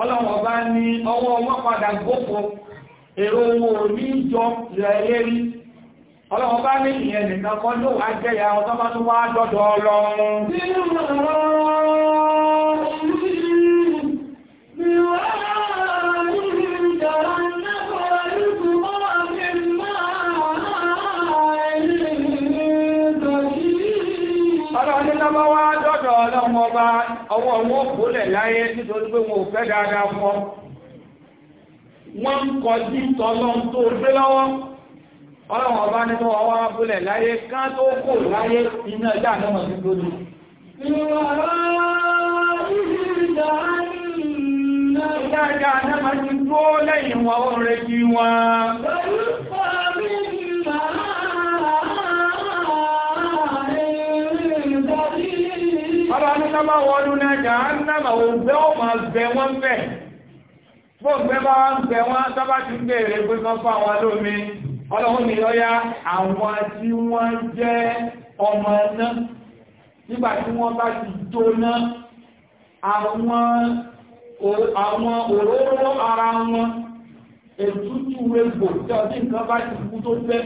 ọlọ́wọ́ bá ní ọwọ́ wọn padà gbópo èrò owó ní ìjọ ìrẹ̀lẹ́rí ọlọ́wọ́ bá ní ìyẹn nìkan kọ́ ló wá jẹ́yà ọjọ́ bá tó wá dọ́dọ̀ ọlọ́run ọmọ ọba ọwọ́ wọn kò lẹ̀ láyé nítorí pé wọn ò fẹ́ dáadáa fún ọ wọ́n ń kọjú tọ́lọ́run tó gbé lọ́wọ́ ọlọ́run ọba nínú ọwọ́ abúlẹ̀ láyé ká tó kò láyé iná ẹja náà ti sábà wọnú náà jàǹdàmà òǹgbẹ́ ò máa bẹ wọ́n bẹ̀ fóògbẹ́ bá wá ń bẹ wọ́n sábà ti ń bèèrè pé kan fún àwọn lómi ọlọ́run ni lọ́yá àwọn tí wọ́n jẹ́ ọmọ náà nígbà tí wọ́n bá ti jóná àwọn òróró ara wọn ètútù egbò tí ọdún nǹkan bá ti kú tó fẹ́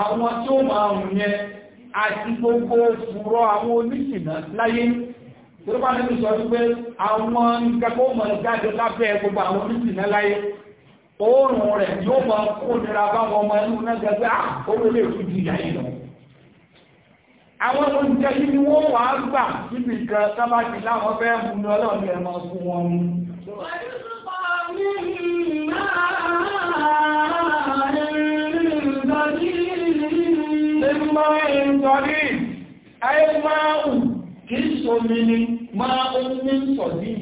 àwọn tí ó máa rùn yẹn àti gbogbo fúrọ àwọn oníṣìnà láyé tó bá nínú sọ wípé àwọn ìgbẹ́kọ́ mọ̀ jáde lábẹ́ gbogbo àwọn oníṣìnà láyé oòrùn rẹ̀ yóò mọ̀ kó nira báwọn ọmọ inú náà gẹ́gẹ́ ah, àwọn olè fún jìyà ìlọ àwọn ayé máa hù kì í somi ni máa ń ní sọ̀dí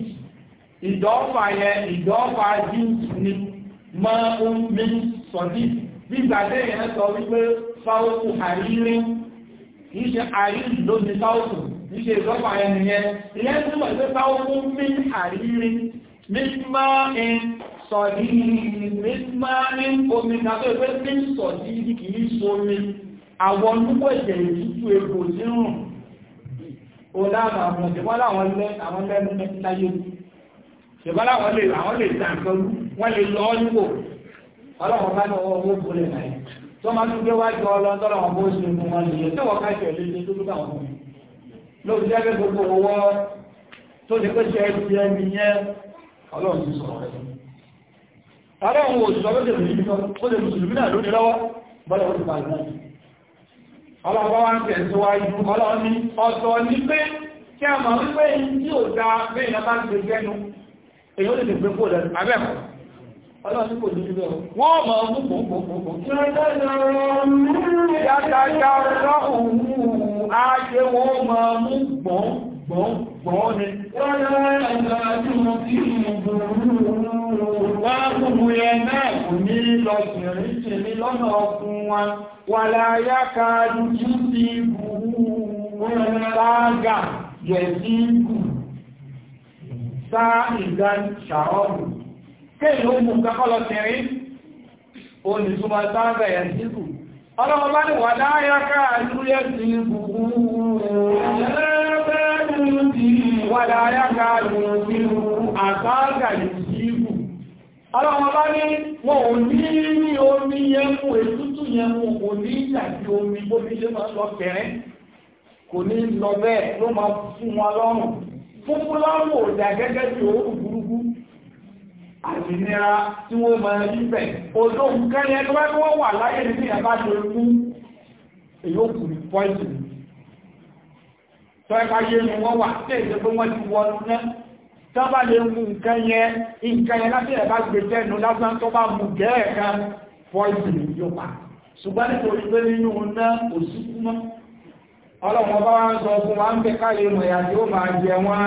ìdọ́fà yẹ ìdọ́fà jíǹsì ni máa ń ní sọ̀dí bí gbàdé yẹn sọ wípé fáwọ́kù àrírí kì í ṣe àrírí ló ní fáwọ́kù kì í ṣe ìdọ́fà yẹn nìyẹn ìyẹn tí wọ́n ṣe fáwọ́kù mí àrírí mí máa ń sọ̀dí mí máa ń omi kàtó ìpé mí sọ̀dí kì í somi àwọn púpọ̀ ìjẹ̀ ìtútù egbò sírùn oláàmà àwọn ṣẹ̀wọ́n láwọn lẹ́nu láyé ṣẹ̀wọ́n láwọn lè àwọn lè tàǹkọrú wọ́n lè lọ níwò ọlọ́wọ́n bá lọ́wọ́ owó kò lè náà tó máa tún gbé wájú ọlọ́tọ́lọ́wọ́n bó ṣe mú wọn lè tó wọ́n káṣẹ̀ lè tó lúgbà wọn lóòrùn jẹ́ pé gbogbo owó tó ti pèsè ẹbí ẹni yẹn ọlọ́run ti sọ̀rọ̀ rẹ̀ ọlọ́run ò sọ pé kò lè mùsùlùmí náà lónìí lọ́wọ́ bọ́lá ó ti bàjẹ́ náà ọlọ́pàá wá ń tẹ̀síwájú ọlọ́ni ọ̀tọ̀ ní pé kí a máa wípé tí ó dá bẹ́yìn bá ti gẹ́nu èyí lè gbé kó lẹ́nu abẹ́kọ̀ ọlọ́ni kò ní ilé ọ̀ wọ́n mọ̀ ọ́n gbogbo gbogbo gbogbo gbọ̀ngbọ̀n ni. wọ́n yára ẹ̀ka tí mo ti mú gbòòrò. wá gbogbo yẹn náà kò ní lọ sìnrìn sìnrìn lọ́nà ọkùn wa. wà láyà ká dúdú sí ibùdó. sáàgà yẹ̀sí ibù. sáà ìgbà ṣàrọ̀lù. kéèyàn ó mú kakọ́ lọ sìnrìn. ó ní súnmọ́ sáàgà yẹ̀sí ibù ọlọ́wọ́ bá ní wà láyáká àlúyẹ́ sí gbogbo wà láyáká àlúyẹ́ àtàgà ìsìnkú ọlọ́wọ́ bá ní wọn ò ní ní omi yẹmú ètútù yẹmú kò ní ìyàtí omi bó bí lé máa lọ fẹ̀rẹ́ kò ní lọ bẹ́ẹ̀ ló máa fún wọn lọ́rùn fúnfún lọ́rùn ò dà gẹ́gẹ́ bí òórùn burú àtìnira tí wọ́n mọ̀ ibẹ̀ odó nǹkan yẹn tó wá tí wọ́n wà láyé ní sí ẹ̀bá tó mú èyókù ní pọ́ìsì tó ẹ̀bá yé mú wọ́n wà tí èdè pé wọ́n ti wọ́n ná tó bá lè mú nǹkan yẹn nǹkan yẹn láti ẹ̀bá gbé tẹ́nu lásán tó bá mú gẹ́ẹ̀kan pọ́ìsì yóò pa ọlọ́run ọba wá ń sọ fún wa ń bẹ káyé mọ̀ ìyà tí ó máa jẹ wọ́n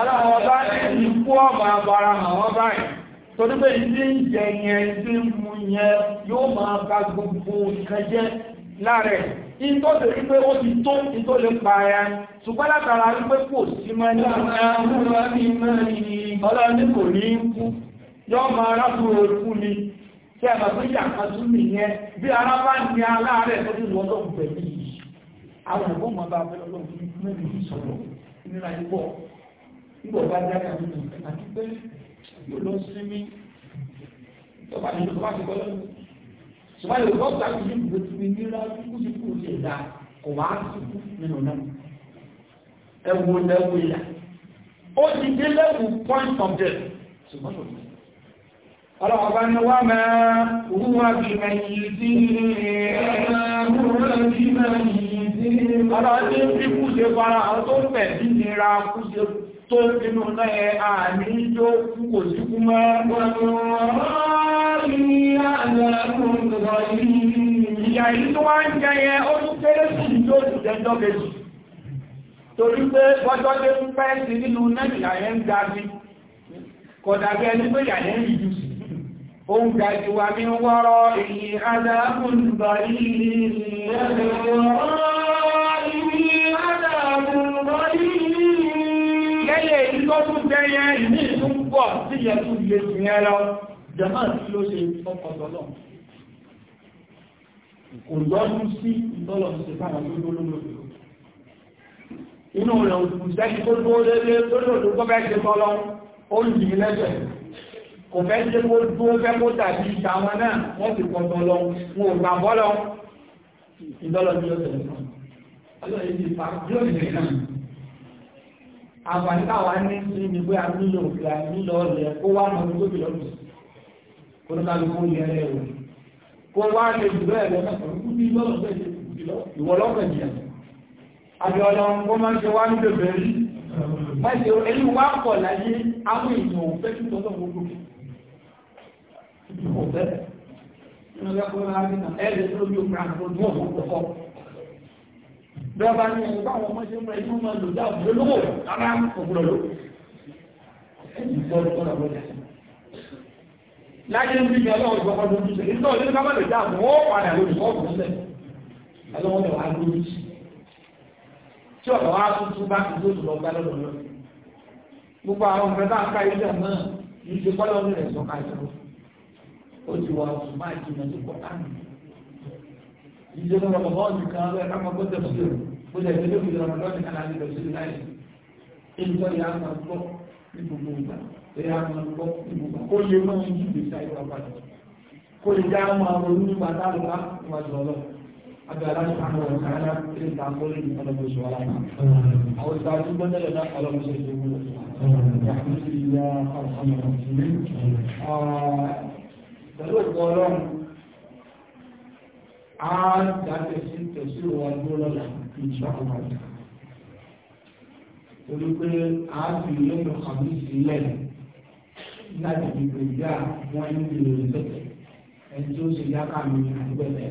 ọlọ́run ọba ikú ọmọ abara hàn wọ́n báyìí torí pé ìdí ń jẹ yẹn ìdí ń mu yẹn yóò máa ba gbogbo nǹkan jẹ́ láàrẹ̀ ìtọ́ tẹ̀ wípé ó ti tó ìtọ́ lè pa ẹ̀ ṣùgbọ́n látara wípé kò sí mọ́ ní ọlọ́run ní kò ní kú yọ́ máa rábùrò ikú ni tí a bàbá ìjà kan tún nìyẹn bí ara bá ní aláàárẹ̀ tó ní ìwọ́n tó ń pẹ̀lú yìí àwọn ẹ̀gbọ́n mọ̀ bá fẹ́ lọ́wọ́ fún mẹ́rin yìí sọ̀rọ̀ nínú ayé pọ̀ nígbà bá dá kàmí nù àti pé yóò lọ sí mi ìjọba nínú tó bá ti gbọ́dọ̀ nù ṣùgbọ́n yóò gbọ́dọ̀ àti yìí ló ti ní ra kú sí kú sí ẹ̀dá kò wá sí kú nínú náà ẹ̀wù lẹ́wù ìyà ó ti dé lẹ́wù point of death ṣùgbọ́n ọlọ́ọ̀bá ni wá máa wúwá kú ìyà yìí tó wá ń jẹyẹ kéré sí ìjẹjọ́ kejì torí pé ń pẹ́ sí nínú náà ìyà yẹn ń pé ìyà yẹn Òun ga jù wà ní wọ́rọ̀ èyí adágún bàrí Lẹ́yẹ̀ èyí tó tún tẹ́yẹ ìní ìtún pọ̀ sí ìyẹ̀tún ilé sí ẹ lọ, jẹ́mọ́ sí ló ṣe fọ́kọ̀tọ̀lọ́. Kò lọ́dún sí ìtọ́lọ̀ sí fáwọn olólógbò. Inú rẹ̀ kò fẹ́ ṣe kó dúró fẹ́ kó tàbí ìtàwọn náà wọ́n ti pọ̀ tán lọ wọn ò gbà bọ́ lọ ìdọ́lọ́ bí ó tẹ̀lé kan ọlọ́run yìí ti pa yóò lè kàn àǹfààní táwa ní sí ni pé a nílò ìlà nílò ọ̀rẹ́ kó wá mọ̀ tó bí lọ́dún kó ní kálukú yẹ ẹ o kó wá lè dúró ẹ̀ lọ́dún kó bí lọ́dún bẹ́ẹ̀ ṣe ìwọ lọ́pẹ̀ jẹ́ àbí ọlọ́run kó máa ń ṣe wá ní bèbè rí má ṣe ẹni wá pọ̀ láyé àwọn èèyàn ò fẹ́ tó tọ́tọ̀ ọ̀fẹ́ nínú ẹgbẹ́ ọ̀rọ̀ àríkà ẹ̀rẹ́ tó bí òkúra àtọ́jú ọ̀hún ọ̀kọ́ bẹ́ẹ̀ bá ní ẹni báwọn ọmọ ṣe ń rẹ̀ yóò máa lò lówó rárá òkúrò ló ẹ̀yìn gbọ́dọ̀ gbọ́dọ̀ lọ́jà láyé ń bí mi ọlọ́run gbọ́kọ́ ló ń ṣe nítorí ọdún ká dá àwọn ó padà lórí fọ́ọ̀mù sílẹ̀ ọlọ́run lè wá lórí tí ọ̀rọ̀ wá tuntun bá ti tó lọ gbá lọ́dọ̀ lọ gbogbo àwọn ọ̀fẹ́ bá ń ká ilé náà kì í ṣe kọ́lọ́run ó ti wà oṣù máa jìnà sí pọ̀tánì ìjọba rọmọbọ́ọ̀lù kan rẹ̀ káwọn kó tẹ̀ sí ó lẹ̀ tẹ́lẹ̀ òfin rọmọbọ́ọ̀lù kan láti lọ sí láì ìjọ yà á máa gbọ́ ní gbogbo ìgbà ẹ̀yà á máa gbọ́ ní gbogbo kó lè mọ́ ní ìgbésí ayé wa padà kó lè dá àwọn àwọn onígbà dálùbá níwájú ọlọ́run agbára ní àwọn ọ̀gá ara tí ń ta kọ́lé ní ọlọ́gbọ̀n ṣe wà láàá àwọn ìsáájú gbọ́dẹ̀lẹ̀ náà ọlọ́gbọ̀n ṣe ṣe wúlò pẹ̀lú òkú ọlọ́run á dájú sí tẹ̀sí wọn ló lọ́la ìṣàkóso àjà torí pé a ti lẹ́nu kàmí sílẹ̀ láti dìbò ìyá wọn ní ìlú ìtẹ̀tẹ̀ ẹni tí ó sì yá kàmí àgbẹ̀tẹ̀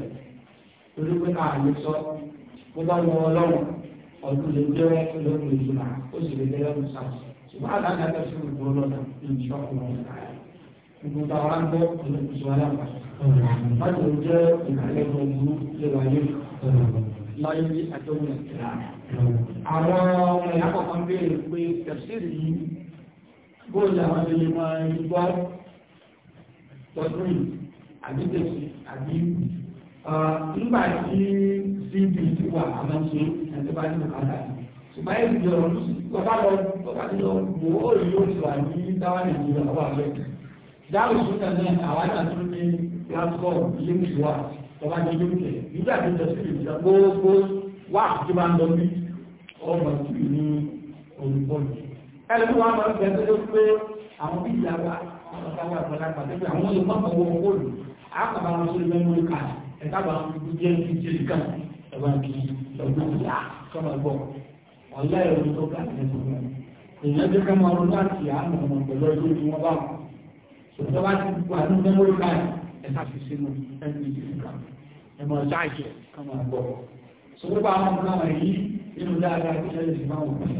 torí pé ká lè sọ bó bá wọn ọlọ́run ọdún lè jẹ́ lọ́dún ìjùmọ̀ ó sì lè jẹ́ lọ́dún sáà ṣùgbọ́n àdáńdá tẹ̀sí òkú ọlọ́run ìṣàkóso àjà gbogbo àwọn àgbọ̀ ìṣòwò aláàbà láti lè jẹ́ ìgbàlẹ́gbẹ̀ ìlú lẹ́wà yìí láyé àti ohun ìkìlá. Àwọn ọmọ ìyá kọ̀ọ̀kan béèrè pé tẹ̀síìrì yìí bóòlù àwọn ilé máa ń gbọ́ tọdún yìí àbí tẹ̀sí àbí nígbà tí cb ti wà àwọn ṣe ẹni bá ní ọ̀kadà ṣùgbọ́n èyí jọ̀rọ̀ lọ́ba lọ bọ́ba lọ wò ó yóò dáhùn ìṣúná náà àwa náà tún ní yàtọ̀ líǹkì wa ọba ní líǹkì nígbà tó lọ sí ìjọba gbogbo wà tó bá ń lọ bí ọmọ tù ní olùkọ́ni. ẹlẹ́nu wa máa ń bẹ tó pé àwọn bí ìyá wa ọmọ tá wà pẹ̀lú àpàtẹ́ pé àwọn olè mọ́kàn wọ bóòlù àkàbà wọn sórí mẹ́mú ká ẹ̀ka bá wọn kú jẹ́ kí jẹ́ kàn ẹ̀bá kí ọdún ìyá kọ́mọ gbọ́ ọ̀lá ẹ̀rọ tó ká ẹ̀sùn mọ́ èèyàn jẹ́ kọ́mọ ọdún láti àánú ọmọ pẹ̀lú ọdún tí wọ́n bá wọn tó bá ti wà ní mẹ́mórí káì ẹ̀ta fi sínú ẹgbẹ̀rẹ̀ ìgbà ẹmọ̀ ṣáàjì kọmọ̀ àgbọ̀ so ó bá wọn náà yí nínú dáadáa tí ẹ lè máa wò bí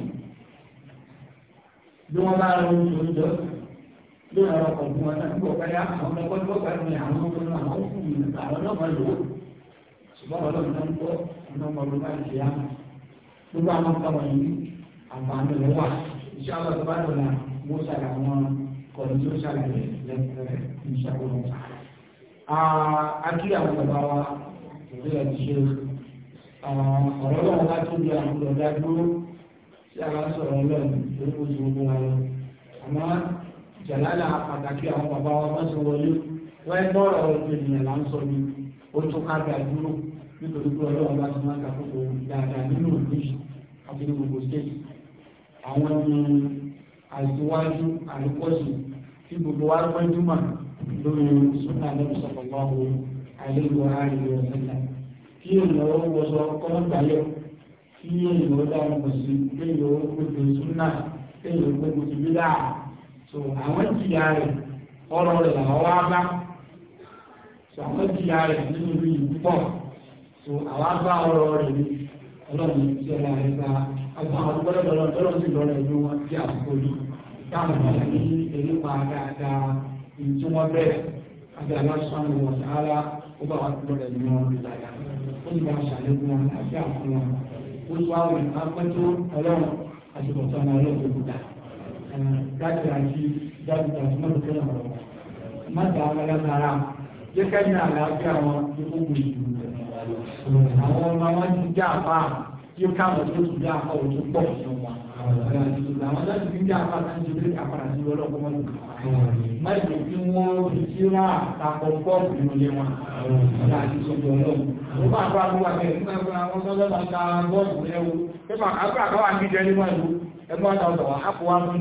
bí wọ́n bá rọ oúnjẹ oúnjẹ ló ń rọ ọ̀gbọ̀n wọn náà nígbà ọ̀gbẹ́yà àwọn ọmọ ọgbọ́n ọgbà ní àwọn ọmọ náà wọ́n fún mi àwọn náà máa lò ó ṣùgbọ́n ọlọ́run náà ń gbọ́ ọ̀nà ọmọ ọdún bá ń ṣe á gbogbo àwọn ọmọ ọmọ yìí àǹfààní rẹ̀ wà iṣẹ́ àwọn ọ̀gbọ́n náà wọ́n ṣàlàyé wọn kọ̀ọ̀nù tó ṣàlàyé lẹ́kẹ̀ẹ́ ìṣàkóso. Akí àwọn bàbá wa ìwé ẹ̀ ti ṣe ọ̀rọ̀ náà wá tó àwọn ọ̀dà dúró tí a bá sọ̀rọ̀ lọ́nà lórí oṣù gbogbo wa lọ. Àmọ́ jàlálà pàtàkì àwọn bàbá wa bá sọ wọlé wọ́n ń bọ̀rọ̀ ènìyàn là ń sọ ni ó tún ká gbà dúró nítorí pé ọlọ́run bá ti máa ń kàkókò dáadáa nínú òbí àti ní gbogbo stéètì. Àwọn ẹni àìsíwájú àlùkọ́sì tí gbogbo wa pẹ́jú mà lórí súnà lẹ́nu sọ̀kọ̀kọ́ àìlèwọ̀ àìlè ọ̀sẹ̀lẹ̀ làwọn wá bá so àwọn ìjìyà rẹ̀ nínú ìlú yìí pọ̀ so àwọn bá ọ̀rọ̀ rẹ̀ ni ọlọ́run ti ọ̀la rẹ̀ gba àwọn àgbọ̀dọ̀ lọ́rọ̀ lọ́rọ̀ sí lọ́rọ̀ ìlú wọn bí àkókò yìí táwọn ènìyàn ní elépa dáadáa èyí tí wọ́n bẹ̀rẹ̀ àti aláṣọ́nù wọn sáárá ó bá wà tó rẹ̀ nínú ọdún dáadáa ó ní bá ṣàlékún wọn àti àfún wọn ó ní wá wọn apẹ́tó ọlọ́run àti bọ̀tọ́ ọmọ ọlọ́run tó dá dájú àti dájú àti mọ́tò tó lọ́wọ́ mọ́tò àwọn alágbára jẹ́ kẹ́yìn àlàáfíà wọn ní gbogbo ìlú àwọn ọmọ wọn ti dá àpá yóò káwọn tó tún dá apá òtún pọ̀ fún wa. Àwọn láti fi ń dá apá tó ń ṣe pé àpàrà sí ọlọ́pàá wọn lò. Má ìlú kí wọ́n fi sí rà àtàkọ́ pọ́ọ̀pù wọn. Ọ̀la àti ìṣòro ọlọ́run. Ó bá àpá àbúrò wa kẹ́kẹ́ nígbà tí wọ́n sọ́jọ́ bá ta bọ́ọ̀lù rẹ̀ o. Pépà àbúrò àbáwá ń díjẹ níwọ̀n ìlú. Ẹ bọ́ ọ̀dà ọ̀dọ̀ wá kó wá fún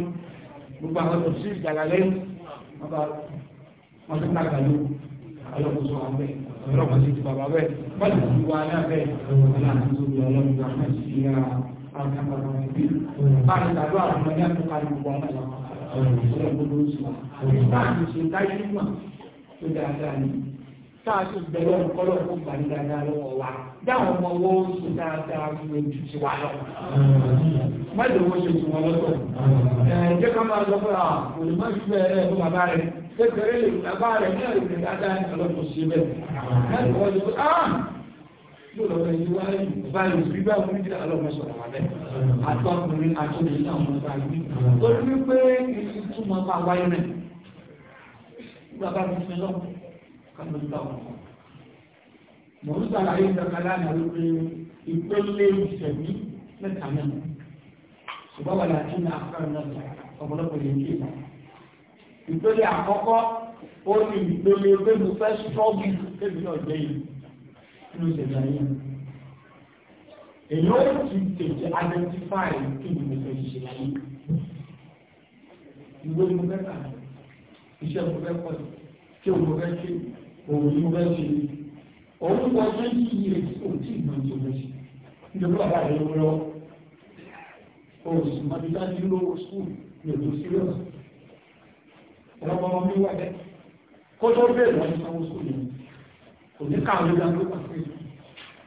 gbogbo àwọn tó sí ìjàlá lẹ́yìn. Wọ́n bá wọ́n tún ọ̀rọ̀ kan ti bàbá bẹ́ẹ̀ báyìí kò sí náà bẹ́ẹ̀ ọ̀rọ̀ àti ìṣòro ọlọ́run ìgbà náà sí ya àwọn akọ̀rọ̀ ìbí báyìí tàbí àwọn ọmọdé àtúkàlù gbọ́ náà ọ̀rọ̀ gbogbo oṣù báyìí ṣe dájú mọ̀ tó dáadáa ni táà sì bẹ̀rẹ̀ ọ̀kọ́lọ̀ fún gbàdí ti wà lọ. mọ́tò kékeré lè bàbá rẹ̀ ní àìsàn dáadáa ní ọlọ́pọ̀ sí bẹ́ẹ̀. láti wọ́n ti pé ah yóò lọ́wọ́ yìí wá báyìí gbígbà wọn ní ọlọ́pọ̀ sọ̀rọ̀ wà bẹ́ẹ̀. àtọkùnrin àtọkùnrin náà wọn bá yìí. torí wípé iṣu túmọ̀ bá wáyé rẹ̀. bàbá mi fi lọ kánú gbà wọn. mò ń sàlàyé ìdọ̀kadà náà wípé ìpele ìṣẹ̀mí mẹ́ta náà. ṣùgbọ́n wà láti ní ìpele àkọ́kọ́ ó ní ìpele pé mo fẹ́ sọ́ọ̀bù tẹ́bi náà jẹ́ yìí nínú ìṣẹ̀lẹ̀ ayé èyí ó ti tètè identify kí ni mo fẹ́ ṣe ayé ìwé mo fẹ́ kà iṣẹ́ mo fẹ́ kọ́ kí mo fẹ́ ṣe òun mo fẹ́ ṣe òun kọ́ ṣe ń yí èyí kò tí ì mọ̀ tó fẹ́ ṣe nítorí bàbá rẹ̀ lọ́wọ́ òun sì mọ̀ nígbà tí ó lówó skul ní ètò síríọ̀sì ọ̀pọ̀lọpọ̀ ọmọ mi wà bẹ́ẹ̀ kó tó bẹ̀rẹ̀ wọn ní sanwó sùn yìí ní káwọn lóga ló pàṣẹ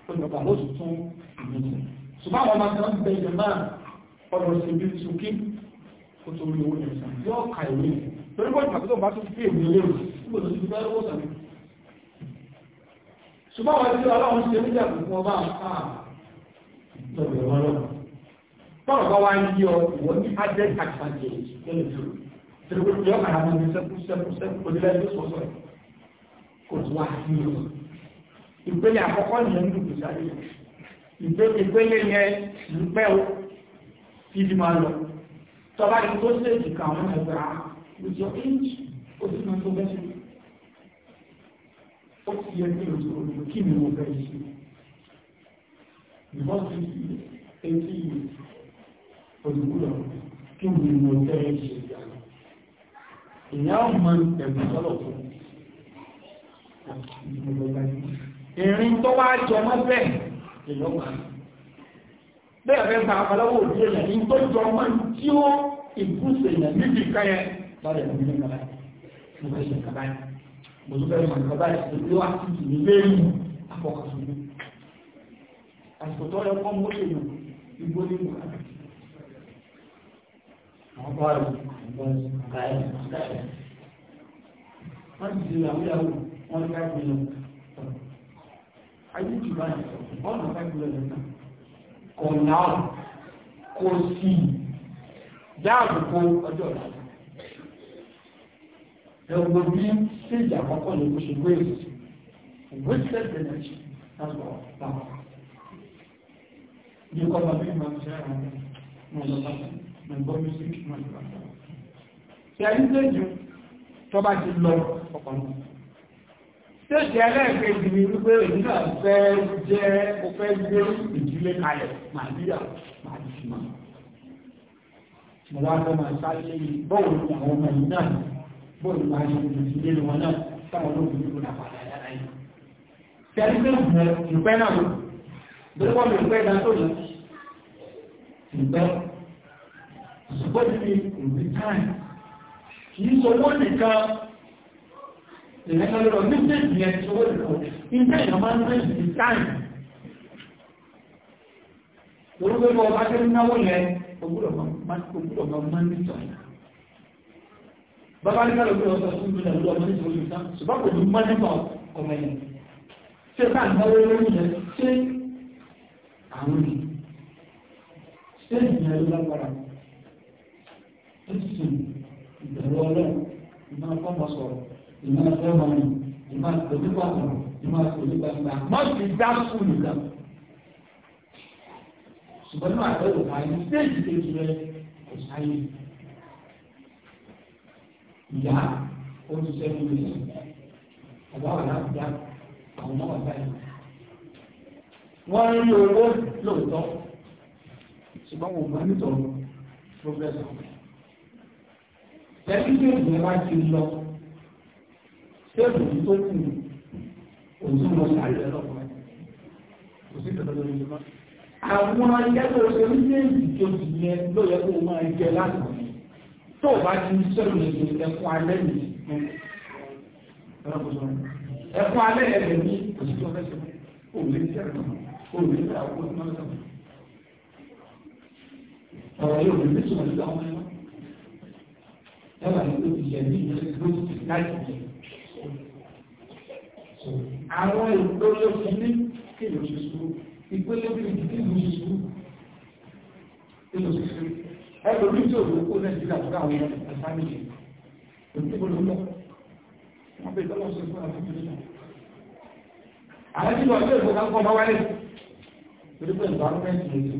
olùkọ́ àwọn oṣù tún àmì ṣùgbọ́n àwọn ọmọ kan bẹ ìjọ náà ọ̀rọ̀ sí ibi ṣùkí kó tó rí owó yẹn sàn yóò ka ìwé torí bọ́ọ̀lù pàtó bá tún fi èmi lé ṣùgbọ́n àwọn ẹgbẹ́ ọlọ́run ṣe níjà gbogbo ọba àpáà lọ́gbẹ̀rún ọlọ́run tọ́rọ̀ bá wá ń yí ọ ìwọ́n ní adẹ́ tẹ̀lé yọ kàrà mọ́ ní sẹ́kù sẹ́kù sẹ́kù onílẹ̀ tó sọ̀sọ̀ kò tó wá sí i lọ. ìpele àkọ́kọ́ yẹn ń dùkú sáré ìpele yẹn ń pẹ́ o kí ni máa lọ. tọ́ba ní tó ṣe ìdìkà àwọn ẹgbẹ́ a with your age ó sì máa tó bẹ́sẹ̀. ó ti yẹ kí ojú omi kí ni mo fẹ́ yìí. ìbọn ti etí olùkúlọ̀ kí ni mo fẹ́ yìí èèyàn ọmọ ẹ̀bùn sọ́lọ̀ fún ìrìn tó wá jọ mọ́ bẹ́ẹ̀ èèyàn wà bẹ́ẹ̀ fẹ́ gba àpàlọ́wọ́ òbí èèyàn ní tó jọ mọ́ tí ó ìgbúsẹ̀ èèyàn níbi káyẹ lọ́dẹ̀ ní ní kàbáyé mo fẹ́ ṣe kàbáyé mo tún fẹ́ mọ̀ kàbáyé ìlú wa ti sì ní bẹ́ẹ̀ mú àfọkàsùn mi àsìkò tó yẹ kọ́ mọ́ èèyàn igbó nínú kàbáyé ọgọ́rùn ọgọ́rùn wọ́n ti di àwúyàwó wọ́n ká gbìlọ ayé jù bá ọ̀nà ká gbìlọ lọ́nà kò náà kò sí dáàbòkó ọjọ́ ìlànà ẹgbẹ́ bí séjì àkọ́kọ́ lè kó ṣe wéèrè wasted energy that's what that's what you come and be my friend and my love mọ̀ ń gbọ́ music mọ̀ ń gbọ́ ṣe ẹni tẹ́jú tó bá ti lọ ọkọ̀ náà tẹ́jú ẹlẹ́ẹ̀kejì ni wípé èyí náà fẹ́ jẹ́ ó fẹ́ gbé ìdílé kalẹ̀ màdíyà màdíyà mo wá lọ́ máa sáré lẹ́yìn bọ́ọ̀lù àwọn ọmọ yìí náà bọ́ọ̀lù máa ṣe ìdílé wọn náà táwọn olóògùn kò náà padà yára yìí tẹ́lifíṣẹ́ ìpẹ́ náà ló lọ́wọ́ mi ṣùgbọ́n ní ìrùbí táì kìí sọwọ́ nìkan ìrẹ́kọ̀lọ́rọ̀ ní ṣe ìyẹn sọwọ́ nìkan ilé èèyàn máa ń rí ìrùbí táì lórúkọ ìwọ ọba tẹ́ náwó yẹn ogúrò máa ń ní sọ̀rọ̀ bàbá nígbà lókè ọ̀sán fún mi lọ́wọ́ sísù ìbẹ̀rù ọlọ́run ìmọ̀ fọ́mọ sọ̀rọ̀ ìmọ̀ fẹ́mọ ni ìmọ̀ àtòlúgbà ọ̀rọ̀ ìmọ̀ àtòlúgbà ìgbà má ti dá sùn nìkan. ṣùgbọ́n náà àtẹ̀wò àyè stéèjì kejì rẹ kò sáyé. ìyá olùsẹ́ mi ní ọ̀gá wà láti dá àwọn ọmọ ọ̀gá yìí. wọ́n ń rí owó lóòótọ́ ṣùgbọ́n wọn ò gbà nítorí progress ọ̀gá tẹ́lí tí èdè wá ti lọ ṣéèkù tó kù òtún lọ sàlẹ̀ lọ́kùnrin kò tẹ̀lé lórí ìjọba. àwọn akẹ́kọ̀ọ́ òṣèlú méjì tó yẹ ló yẹ kó máa jẹ lánàá tó bá ti ń sọ̀rọ̀ èdè ẹ̀kọ́ alẹ́ mi ẹ̀kọ́ alẹ́ ẹ̀bẹ̀ mi kò tó fẹ́ sọ òun lè tẹ̀lé òun lè tẹ̀lé àwọn ọ̀rọ̀ yóò lè tẹ̀lé yàrá yìí tó ti yẹ bí ìyẹn tó ti láti yẹ. àwọn ìpele ti ní kéèyàn ṣe sùúrù ìpele bí ti kéèyàn ṣe sùúrù kéèyàn ṣe sùúrù ẹlòmíì tí òun kó nàìjíríà tó káwọn yẹn ẹ̀sánì yẹn òun tí mo lò lọ wọn bẹ tọ́lọ̀ ṣe fún àwọn ìpele náà. àwọn tí wọn yóò fún kankan bá wáyé torí pé ìgbà wọn fẹ́ẹ́ ti lè ṣe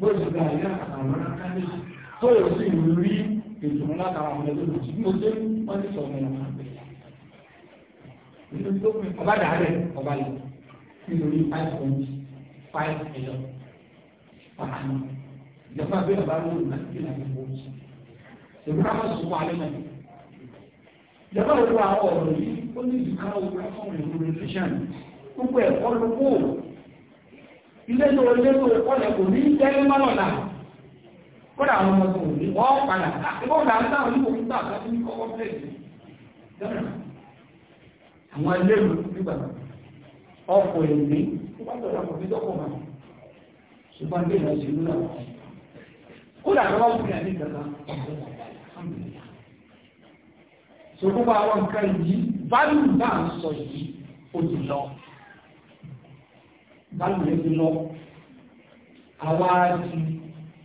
bó tó yẹ sí ìrírí ìdùnnú látara àwọn ẹgbẹ́ òjì ní ojú wọ́n ti sọ wọn ọba dàárẹ̀ ọba lọ nítorí five point five ẹ̀yọ pàtàkì ìjọba bí ọba lóòrùn láti gbé láti fọ́ òjì ìbúra máa sọ wà lẹ́nà ìjọba ìlú àwọn ọ̀rọ̀ yìí ó ní ìdíkà òwúrọ̀ fún ìlú rẹ̀fẹ́ṣàn gbogbo ẹ̀kọ́ ló kó ilé tó ilé tó kọ́lẹ̀ kò ní tẹ́lẹ̀ mọ́lọ̀lá kódà àwọn ọmọ tó wù ní wọ́n padà àtìwọ́n là ń dá àwọn onímọ̀ nígbà tó ní kọ́kọ́ bẹ́ẹ̀ ni àwọn ẹlẹ́rù nígbà ọkọ̀ èmi tó bá tọ̀dọ̀ àpọ̀ fíjọ́kọ̀ mà ṣùgbọ́n bí ìrìnàjò ìlú náà kódà tó bá wù ní àdé kankan ṣùgbọ́n bá àwọn nǹkan yìí bálù bá ń sọ yìí ó ti lọ bálù yẹn ti lọ àwa ti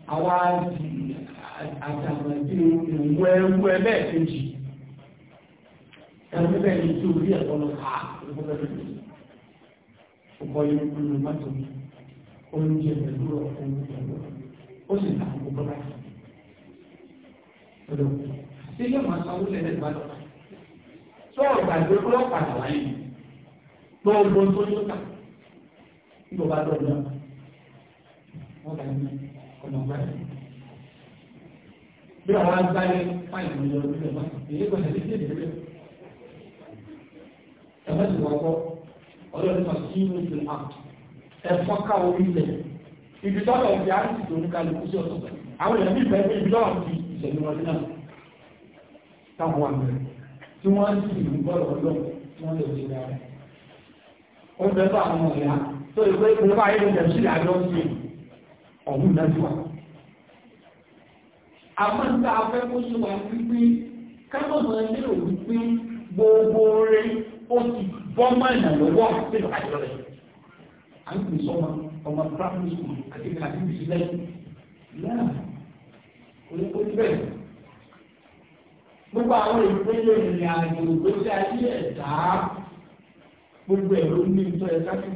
àwa di àtàmọ̀dé ìwọ ẹrú ẹgbẹ́ kejì ẹrú bẹ́ẹ̀ tí orí ẹ̀kọ́ lọ ká ìgbọ́dọ̀ ọkọ̀ yóò kú mọ́tò oúnjẹ pẹ̀lú ọkùn pẹ̀lú ó sì ta gbogbo láti ọ̀dọ̀ sí ilé màá sanwó lẹ́lẹ́ ìbálọ̀ tó ọ̀gbàgbé ọlọ́pàá wáyé gbogbo tó yóò ta nígbà bá dọ̀dọ̀ wọn ní ọ̀nàgbà bí àwọn agbáyé fáìlì ọ̀yọ́ orílẹ̀ máa èyí kọ̀ọ̀sẹ̀ tí kéde rẹ̀ ẹ̀fẹ́sì wọ́pọ̀ ọlọ́run máa kí ní ìlú àpò ẹ̀fọ́ ká orílẹ̀ ibi tọ́lọ̀ ìdí àti ìdòrí kalẹ̀ kú sí ọ̀sọ̀ àwọn èèyàn ìfẹ́ pé ibi tọ́lọ̀ ti ìṣẹ̀lẹ̀ wọn náà táwọn wà tí wọ́n ń sì ń gbọ́dọ̀ ọlọ́run tí wọ́n lè ṣe dára ó ń bẹ́ fún àwọn ọ̀yà tó ọ̀hún lẹ́jọ́ àmọ́ tá a fẹ́ kó ṣe wà wípé kábọ̀mọ̀ lérò wípé gbogbo rẹ̀ ó ti bọ́ mọ́nà lọ́wọ́ nínú àjọ rẹ̀ à ń pè sọ́mọ ọmọ primary school àti àti ìṣẹ́lẹ̀ náà oníkójú bẹ́ẹ̀ gbogbo àwọn ìpele ìrìn àjò ìgbésí ayé ẹ̀dá gbogbo ẹ̀rọ ní ìtọ́ ẹ̀ká fi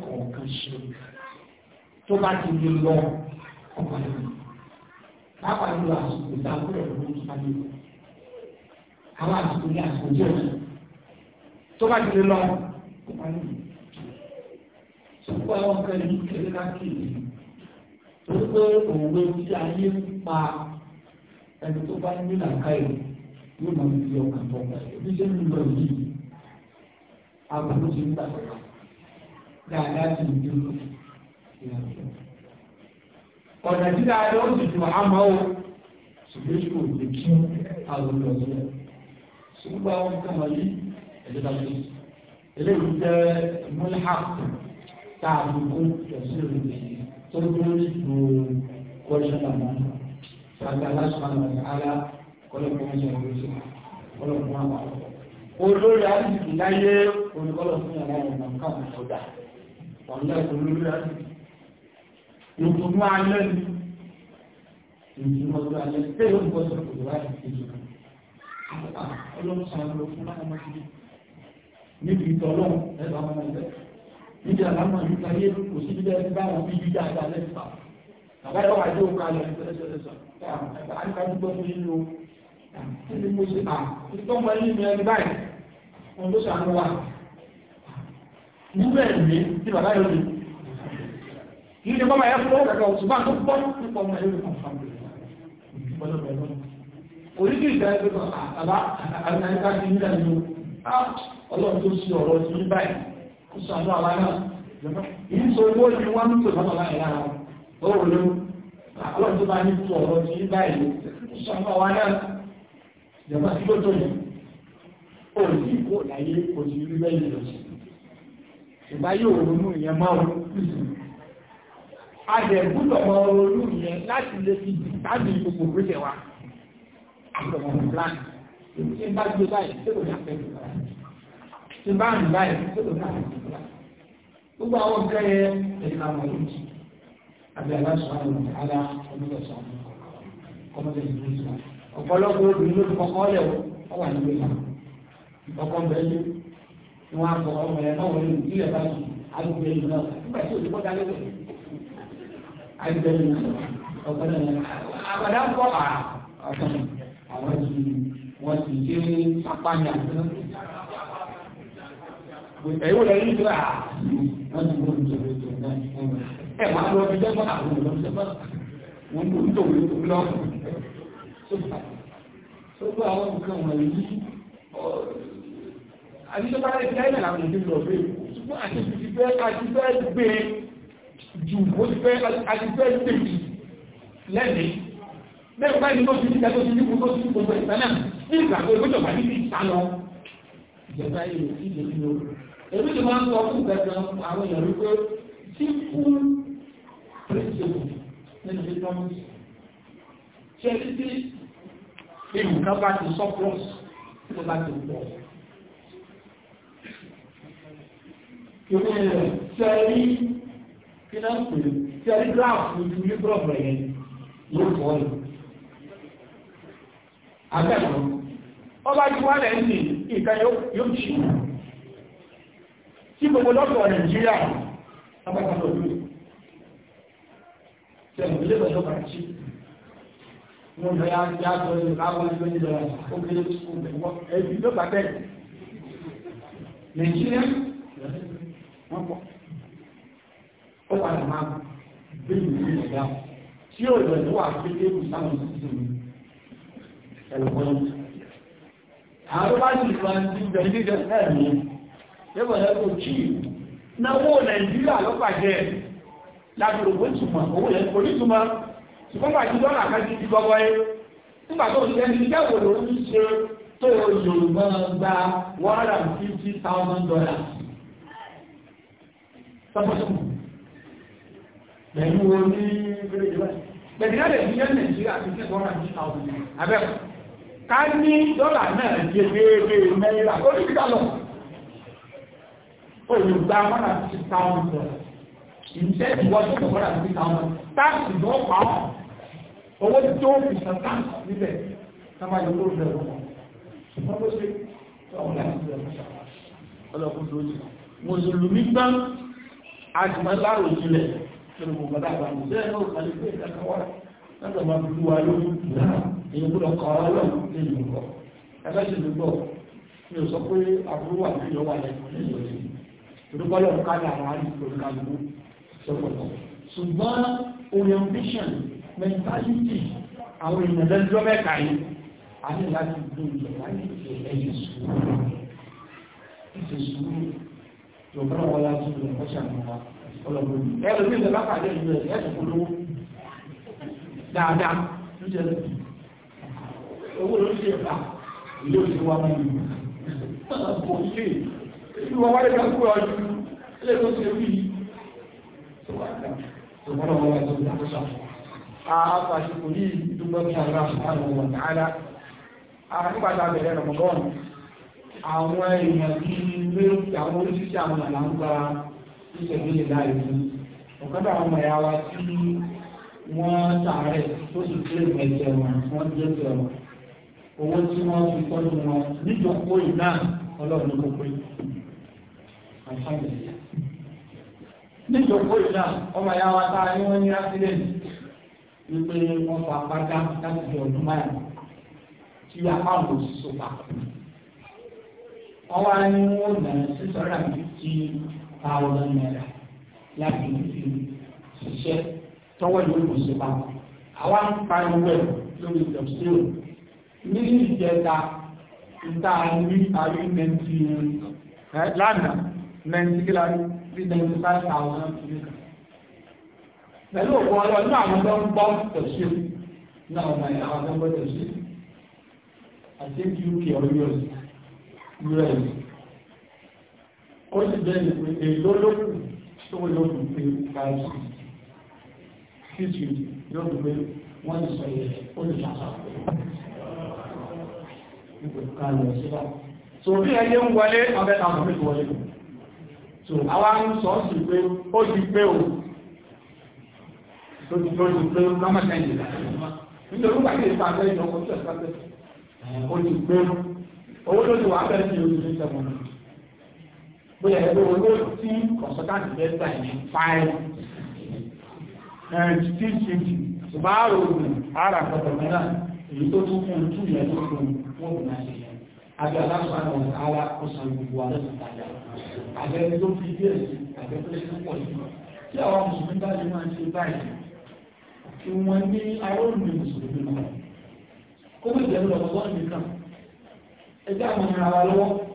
ṣe tó bá ti di lọ Báwa ni lo àsìkò ìdákúrẹ̀ ló ń sáré lọ. Àwọn àsìkò ní àsìkò díẹ̀ sí. Tó bá ti lè lọ, ó máa ń lò. Sọ́kọ́ kan ní kéré káàkiri. Torí pé òwe tí ayé ń pa ẹni tó bá ní làákàyè yóò máa fi ọkàn tó ọkàn. Bí ṣe ń lọ yìí, àbúrò ti ń gbà. Dáadáa ti ń dúró. Yeah ọ̀nà tí dáadọ́ ó sì ju àmọ́ o ṣùgbọ́n kò lè kí àwọn ọ̀dọ́ ṣùgbọ́n àwọn nǹkan wọ̀nyí ẹ̀jẹ̀ bá lè eléyìí jẹ́ múlhàp tá a lè kó ẹ̀sìn rẹ̀ tó lórí ju kọ́ṣẹ́ làwọn ṣàgbà aláṣọ́nà àlá kọ́lọ́kọ́ ọ̀ṣẹ́ ọ̀ṣẹ́ kọ́lọ́kọ́ àwọn olórí àdìsí láyé olùkọ́lọ̀ fún yàrá ìrìnà káàkiri ọ̀dà ọ̀nà ìpolórí àdìsí ìdùnnú alẹ́ ni ìdùnnú ọdún alẹ́ pé yóò gbọ́ sọ pé wà ní ìdíje ọlọ́run sàn lọ fún láwọn ọmọdé níbi ìtọ́lọ́run ẹ̀rọ ọmọ ẹgbẹ́ níbi àlámọ̀ nípa ayé kò sí bíbẹ́ ẹni bá wọn bí jíjà àgbà lẹ́fà bàbá yóò wá dé òkú alẹ́ ìfẹ́sẹ̀lẹ́sọ̀ ẹ̀ka nípa dúpẹ́ fún yín ló kí ni mo ṣe à ìtọ́mọ yín ni ẹni báyìí wọn ló sàn lọ wà níbẹ̀ ní tí bàbá yóò kì í ṣe ẹ̀fọ́ ọ̀gá ọ̀túnbá tó pọ̀ nípa ọmọ ẹ̀rọ kan fún mi. oríṣi kan àbá àgbẹ̀ká ti ń dà nínú ọlọ́run tó ṣe ọ̀rọ̀ ti ah, tó bá ó ní kó láyé kò rí bẹ́ẹ̀ lọ sí ìbáyé òun mú ìyẹn máa wọ́n adẹ̀gbúdọ̀ mọ olú yẹn láti lè fi dìtàmì gbogbo orílẹ̀ wa àtọ̀mọ̀ ọ̀pọ̀lọpọ̀ obìnrin ló kọ́kọ́ lẹ̀ wọ́n nílé náà ọkọ̀ bẹ́ẹ̀ ni wọ́n á kọ́ ọmọ yẹn náà wọlé ìdílé báyìí alùpùpù yẹn náà nígbà tí òṣìkọ́ agbẹ́rẹ́ náà ọgbẹ́rẹ́ náà àgbàdá ń bọ̀ à ọ̀sán àwọn ti wọ́n ti dé apáyà ẹ̀yìn wọlé yìí tó à wọ́n wọ́n ti wọ́n ti wọ́n ti ẹ̀ máa lọ bí jẹ́ bọ́ àwọn olùdókòwò wọn ló ń tòwé tó lọ tó bá àwọn nǹkan wọ̀nyí àti tó bá lè tẹ́lẹ̀ àwọn ìdílé ọ̀gbẹ́ àti ti fẹ́ àti fẹ́ gbé ju ó ti fẹ́ àtìfẹ́ tèmi lẹ́ni bẹ́ẹ̀ báyìí tó ti ní ìdájọ́ ti nípo tó ti ní gbogbo ìtàn náà ní ìgbà pé ó jọba níbi ìta lọ ìjọba yìí ti lè lò èmi ti máa ń sọ fún ìgbàgbọ́ àwọn èèyàn wípé tí kú pírísìpù nínú ìtọ́mùsì ṣe títí nǹkan bá ti sọ plus tó bá ti pọ̀ ìwé rẹ̀ sẹ́yìn kí náà ń pè tí ẹni gíráàfù ju librof yẹn ló fọ́ ni. Abẹ́ẹ̀kọ́, ọba ju wálẹ̀ ń sìn nǹkan yóò ṣì wù. Tí gbogbo lọ́sọ̀ Nàìjíríà, abẹ́kọ̀ọ́ lórí. Tẹ̀lé ilé ìgbàjọ́ kàràchí. Wọ́n lọ yá yá sọ ní káwọn ẹgbẹ́ ní ìjọba ó kéré tó bẹ̀wọ́. Ẹbí ló bàbẹ́ Nàìjíríà, wọ́n pọ̀ ó padà máa gbé ìwé ẹ̀dá tí ó lọ ìlú àti tébù sáwọn ìsìn ẹ̀lọ́pọ̀lọ́ àwọn bá sì lọ sí ìbẹ̀rẹ̀ ní ìjọsìn náà ní ẹgbẹ̀ lẹ́gbẹ̀ òjì náwó nàìjíríà lọ́pàjẹ́ láti rògbò ìtumọ̀ owó yẹn kò ní túmọ̀ ṣùgbọ́n pàtí dọ́là kan ti di ẹ nígbà tó ń tẹ́lẹ̀ ìjẹ́wò ló ń ṣe tó yorùbá gba one hundred and fifty thousand dollars. sọ́kọ́sọ́kọ́ pẹ̀lú oní bíríkì báyìí pẹ̀lú lè fi yẹn nàìjíríà ti six hundred and fifty thousand naira abẹ́kọ̀ ká ní dọ́là náà di ẹgbẹ́gbẹ́ náírà ó ní kíkà lọ olùgbà one and fifty thousand dollars ìṣẹ́ ìwọ́sọ̀ one and fifty thousand táàkì ló pa ọ́ owó tó fi san táàkì níbẹ̀ sábà yóò ló bẹ̀rẹ̀ wọn ṣùgbọ́n ló ṣe ọ̀hún láti bẹ̀rẹ̀ wọn ọlọ́kùnrin ló ní mùsùlùmí gbọ́n àjùmọ̀ láròjìlẹ̀ nínú gbogbo bàbá àbámu bẹ́ẹ̀ náà kàlí pé ìdáka wá lọ́dọ̀ máa fi wá lórí náà èyí gbọ́dọ̀ kọ́ ara lọ́wọ́ nínú nǹkan ẹgbẹ́ sì ló gbọ́ mi ò sọ pé àbúrò wà ní ìyọwà lẹ́kọ̀ọ́ nínú ìyọ̀sìn ìdúpọ́lọ̀ mentality àwọn èèyàn lẹ́jọ́ mẹ́ta yìí a ní láti gbé ìjọba ẹ̀yìn sùúrù ìṣèṣùúrù yóò bá wọn láti lè ọ̀ṣà mọ́ra ẹ̀rọ ní ìjọba pàdé ìlú ẹ̀ ẹ̀sùn polówó dáadáa ló jẹ́ lẹ́sìn owó ló ṣe ẹ̀fà ilé òṣèlú wa mú ìlú kò ilé ìlú wọn wáyé kan kúrò ọdún ilé tó ṣe wí ṣùgbọ́n ọmọ ẹ̀sùn ìdákọ́sà àfàṣìkò ní ìdúgbọ́n ní àgbà àwọn ọmọ tààlà ànípàtà bẹ̀rẹ̀ rọ̀mọ́gọ́ọ̀nù àwọn èèyàn bíi ilé àwọn oríṣiríṣi àwọn àlàǹgbà ìṣẹ̀lẹ̀ lè láì ní ọ̀kadà àwọn ẹ̀yà wa tí wọ́n sàárẹ̀ tó sì tún lè ẹ̀jẹ̀ wọn wọ́n jẹ́ ẹ̀jẹ̀ wọn owó tí wọ́n fi tọ́jú wọn níjọpọ̀ ìná ọlọ́run ló pé níjọpọ̀ ìná ọmọ ẹ̀yà wa tá a ní wọ́n ní accident wípé wọ́n fa apáta láti fi ọdún márùn-ún tí apá òun sì so pa. wọ́n wá ní wọ́n thousand naira láti fi ṣiṣẹ́ tọ́wọ́ ìlú òṣèlú àwọn àwọn pariwo ẹ̀ lórí ìjọsílò ní ìjẹta ìta ní àrí nẹ́ntì lánàá nẹ́ntì kílá bí nẹ́ntì five thousand nìkan pẹ̀lú òkú ọlọ́ ní àwọn tó ń gbọ́ tẹ̀sílò náà ọmọ ẹ̀ àwọn tó ń gbọ́ tẹ̀sílò àti uk ọ̀rọ̀ us ó sì bẹ́ẹ̀ ni èlò lókùn tó lókùn pé káàkiri fíjì yóò tó pé wọ́n lè sọ yẹ ó lè ṣàṣà nígbè káàkiri síbà so bí ẹyẹ ń wọlé abẹ́ta àmọ́lé tó wọlé so àwa ń sọ sí pé ó ti pé o tó ti tó ti pé lọ́mọdé ìlà nítorí wọ́n ti pàṣẹ ìjọba ó ti pé owó tó ti wà bẹ́ẹ̀ sí oṣù tó ń sẹ́wọ̀n náà bóyá ẹgbẹ́ owó tí consultant bẹ́ẹ̀ gbà ní five and six fifty ṣùgbọ́n àrò ògùn ara àkọ́kọ́ mẹ́ta èyí tó tún fún two yẹn tó fún wọn kò náà ṣe yẹn àbí aláṣọ àwọn ọ̀sán ara ó san gbogbo alẹ́ tó tajà àbẹ́ tó fi díẹ̀ sí àbẹ́ tó ṣe pọ̀ sí tí àwọn mùsùlùmí bá lè máa ṣe báyìí kí wọ́n ní aróòrùn mùsùlùmí náà kó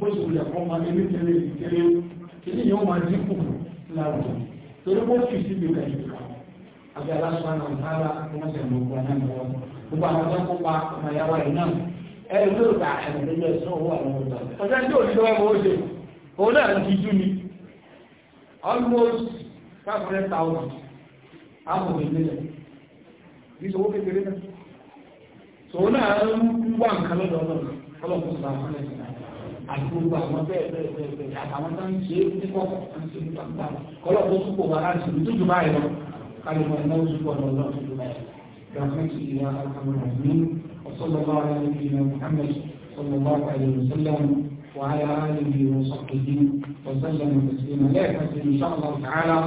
bó ṣe yẹ ní máa dínkù torí fi àbí gbogbo àwọn ọjọ́ kópa ọmọ ìyá yìí náà ẹni ló gba ẹ̀rọ lójú ẹ̀sán owó àwọn ọjọ́ ọjọ́ tí òṣìṣẹ́ wa mọ̀ ṣe òun náà àti gbogbo àwọn bẹ́ẹ̀ bẹ́ẹ̀ bẹ́ẹ̀ bẹ́ẹ̀ àtàwọn tó ń ṣe é ní kọ́kọ́ tó ń ṣe ní gbàgbà kọ́lọ́pọ̀ tó kò wá láti ìlú tójú báyìí lọ kálífà náà ó túbọ̀ lọ lọ́wọ́ tójú báyìí رحمتك يا ارحم الراحمين وصلى الله على نبينا محمد صلى الله عليه وسلم وعلى اله وصحبه وسلم تسليما لا يكفي ان شاء الله تعالى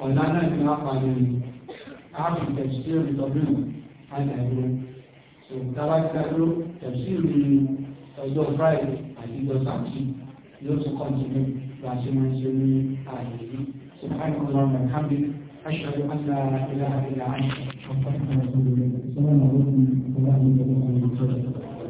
ولا نلقى عن التفسير بطبيب هذا اليوم تركت تفسير من الزهراء àti lọ́sàkì yóò tún kọ́ntínú láti máa ṣe ní ààyè yìí سبحانك اللهم وبحمدك أشهد أن لا إله إلا أنت أستغفرك وأتوب إليك السلام عليكم ورحمة الله وبركاته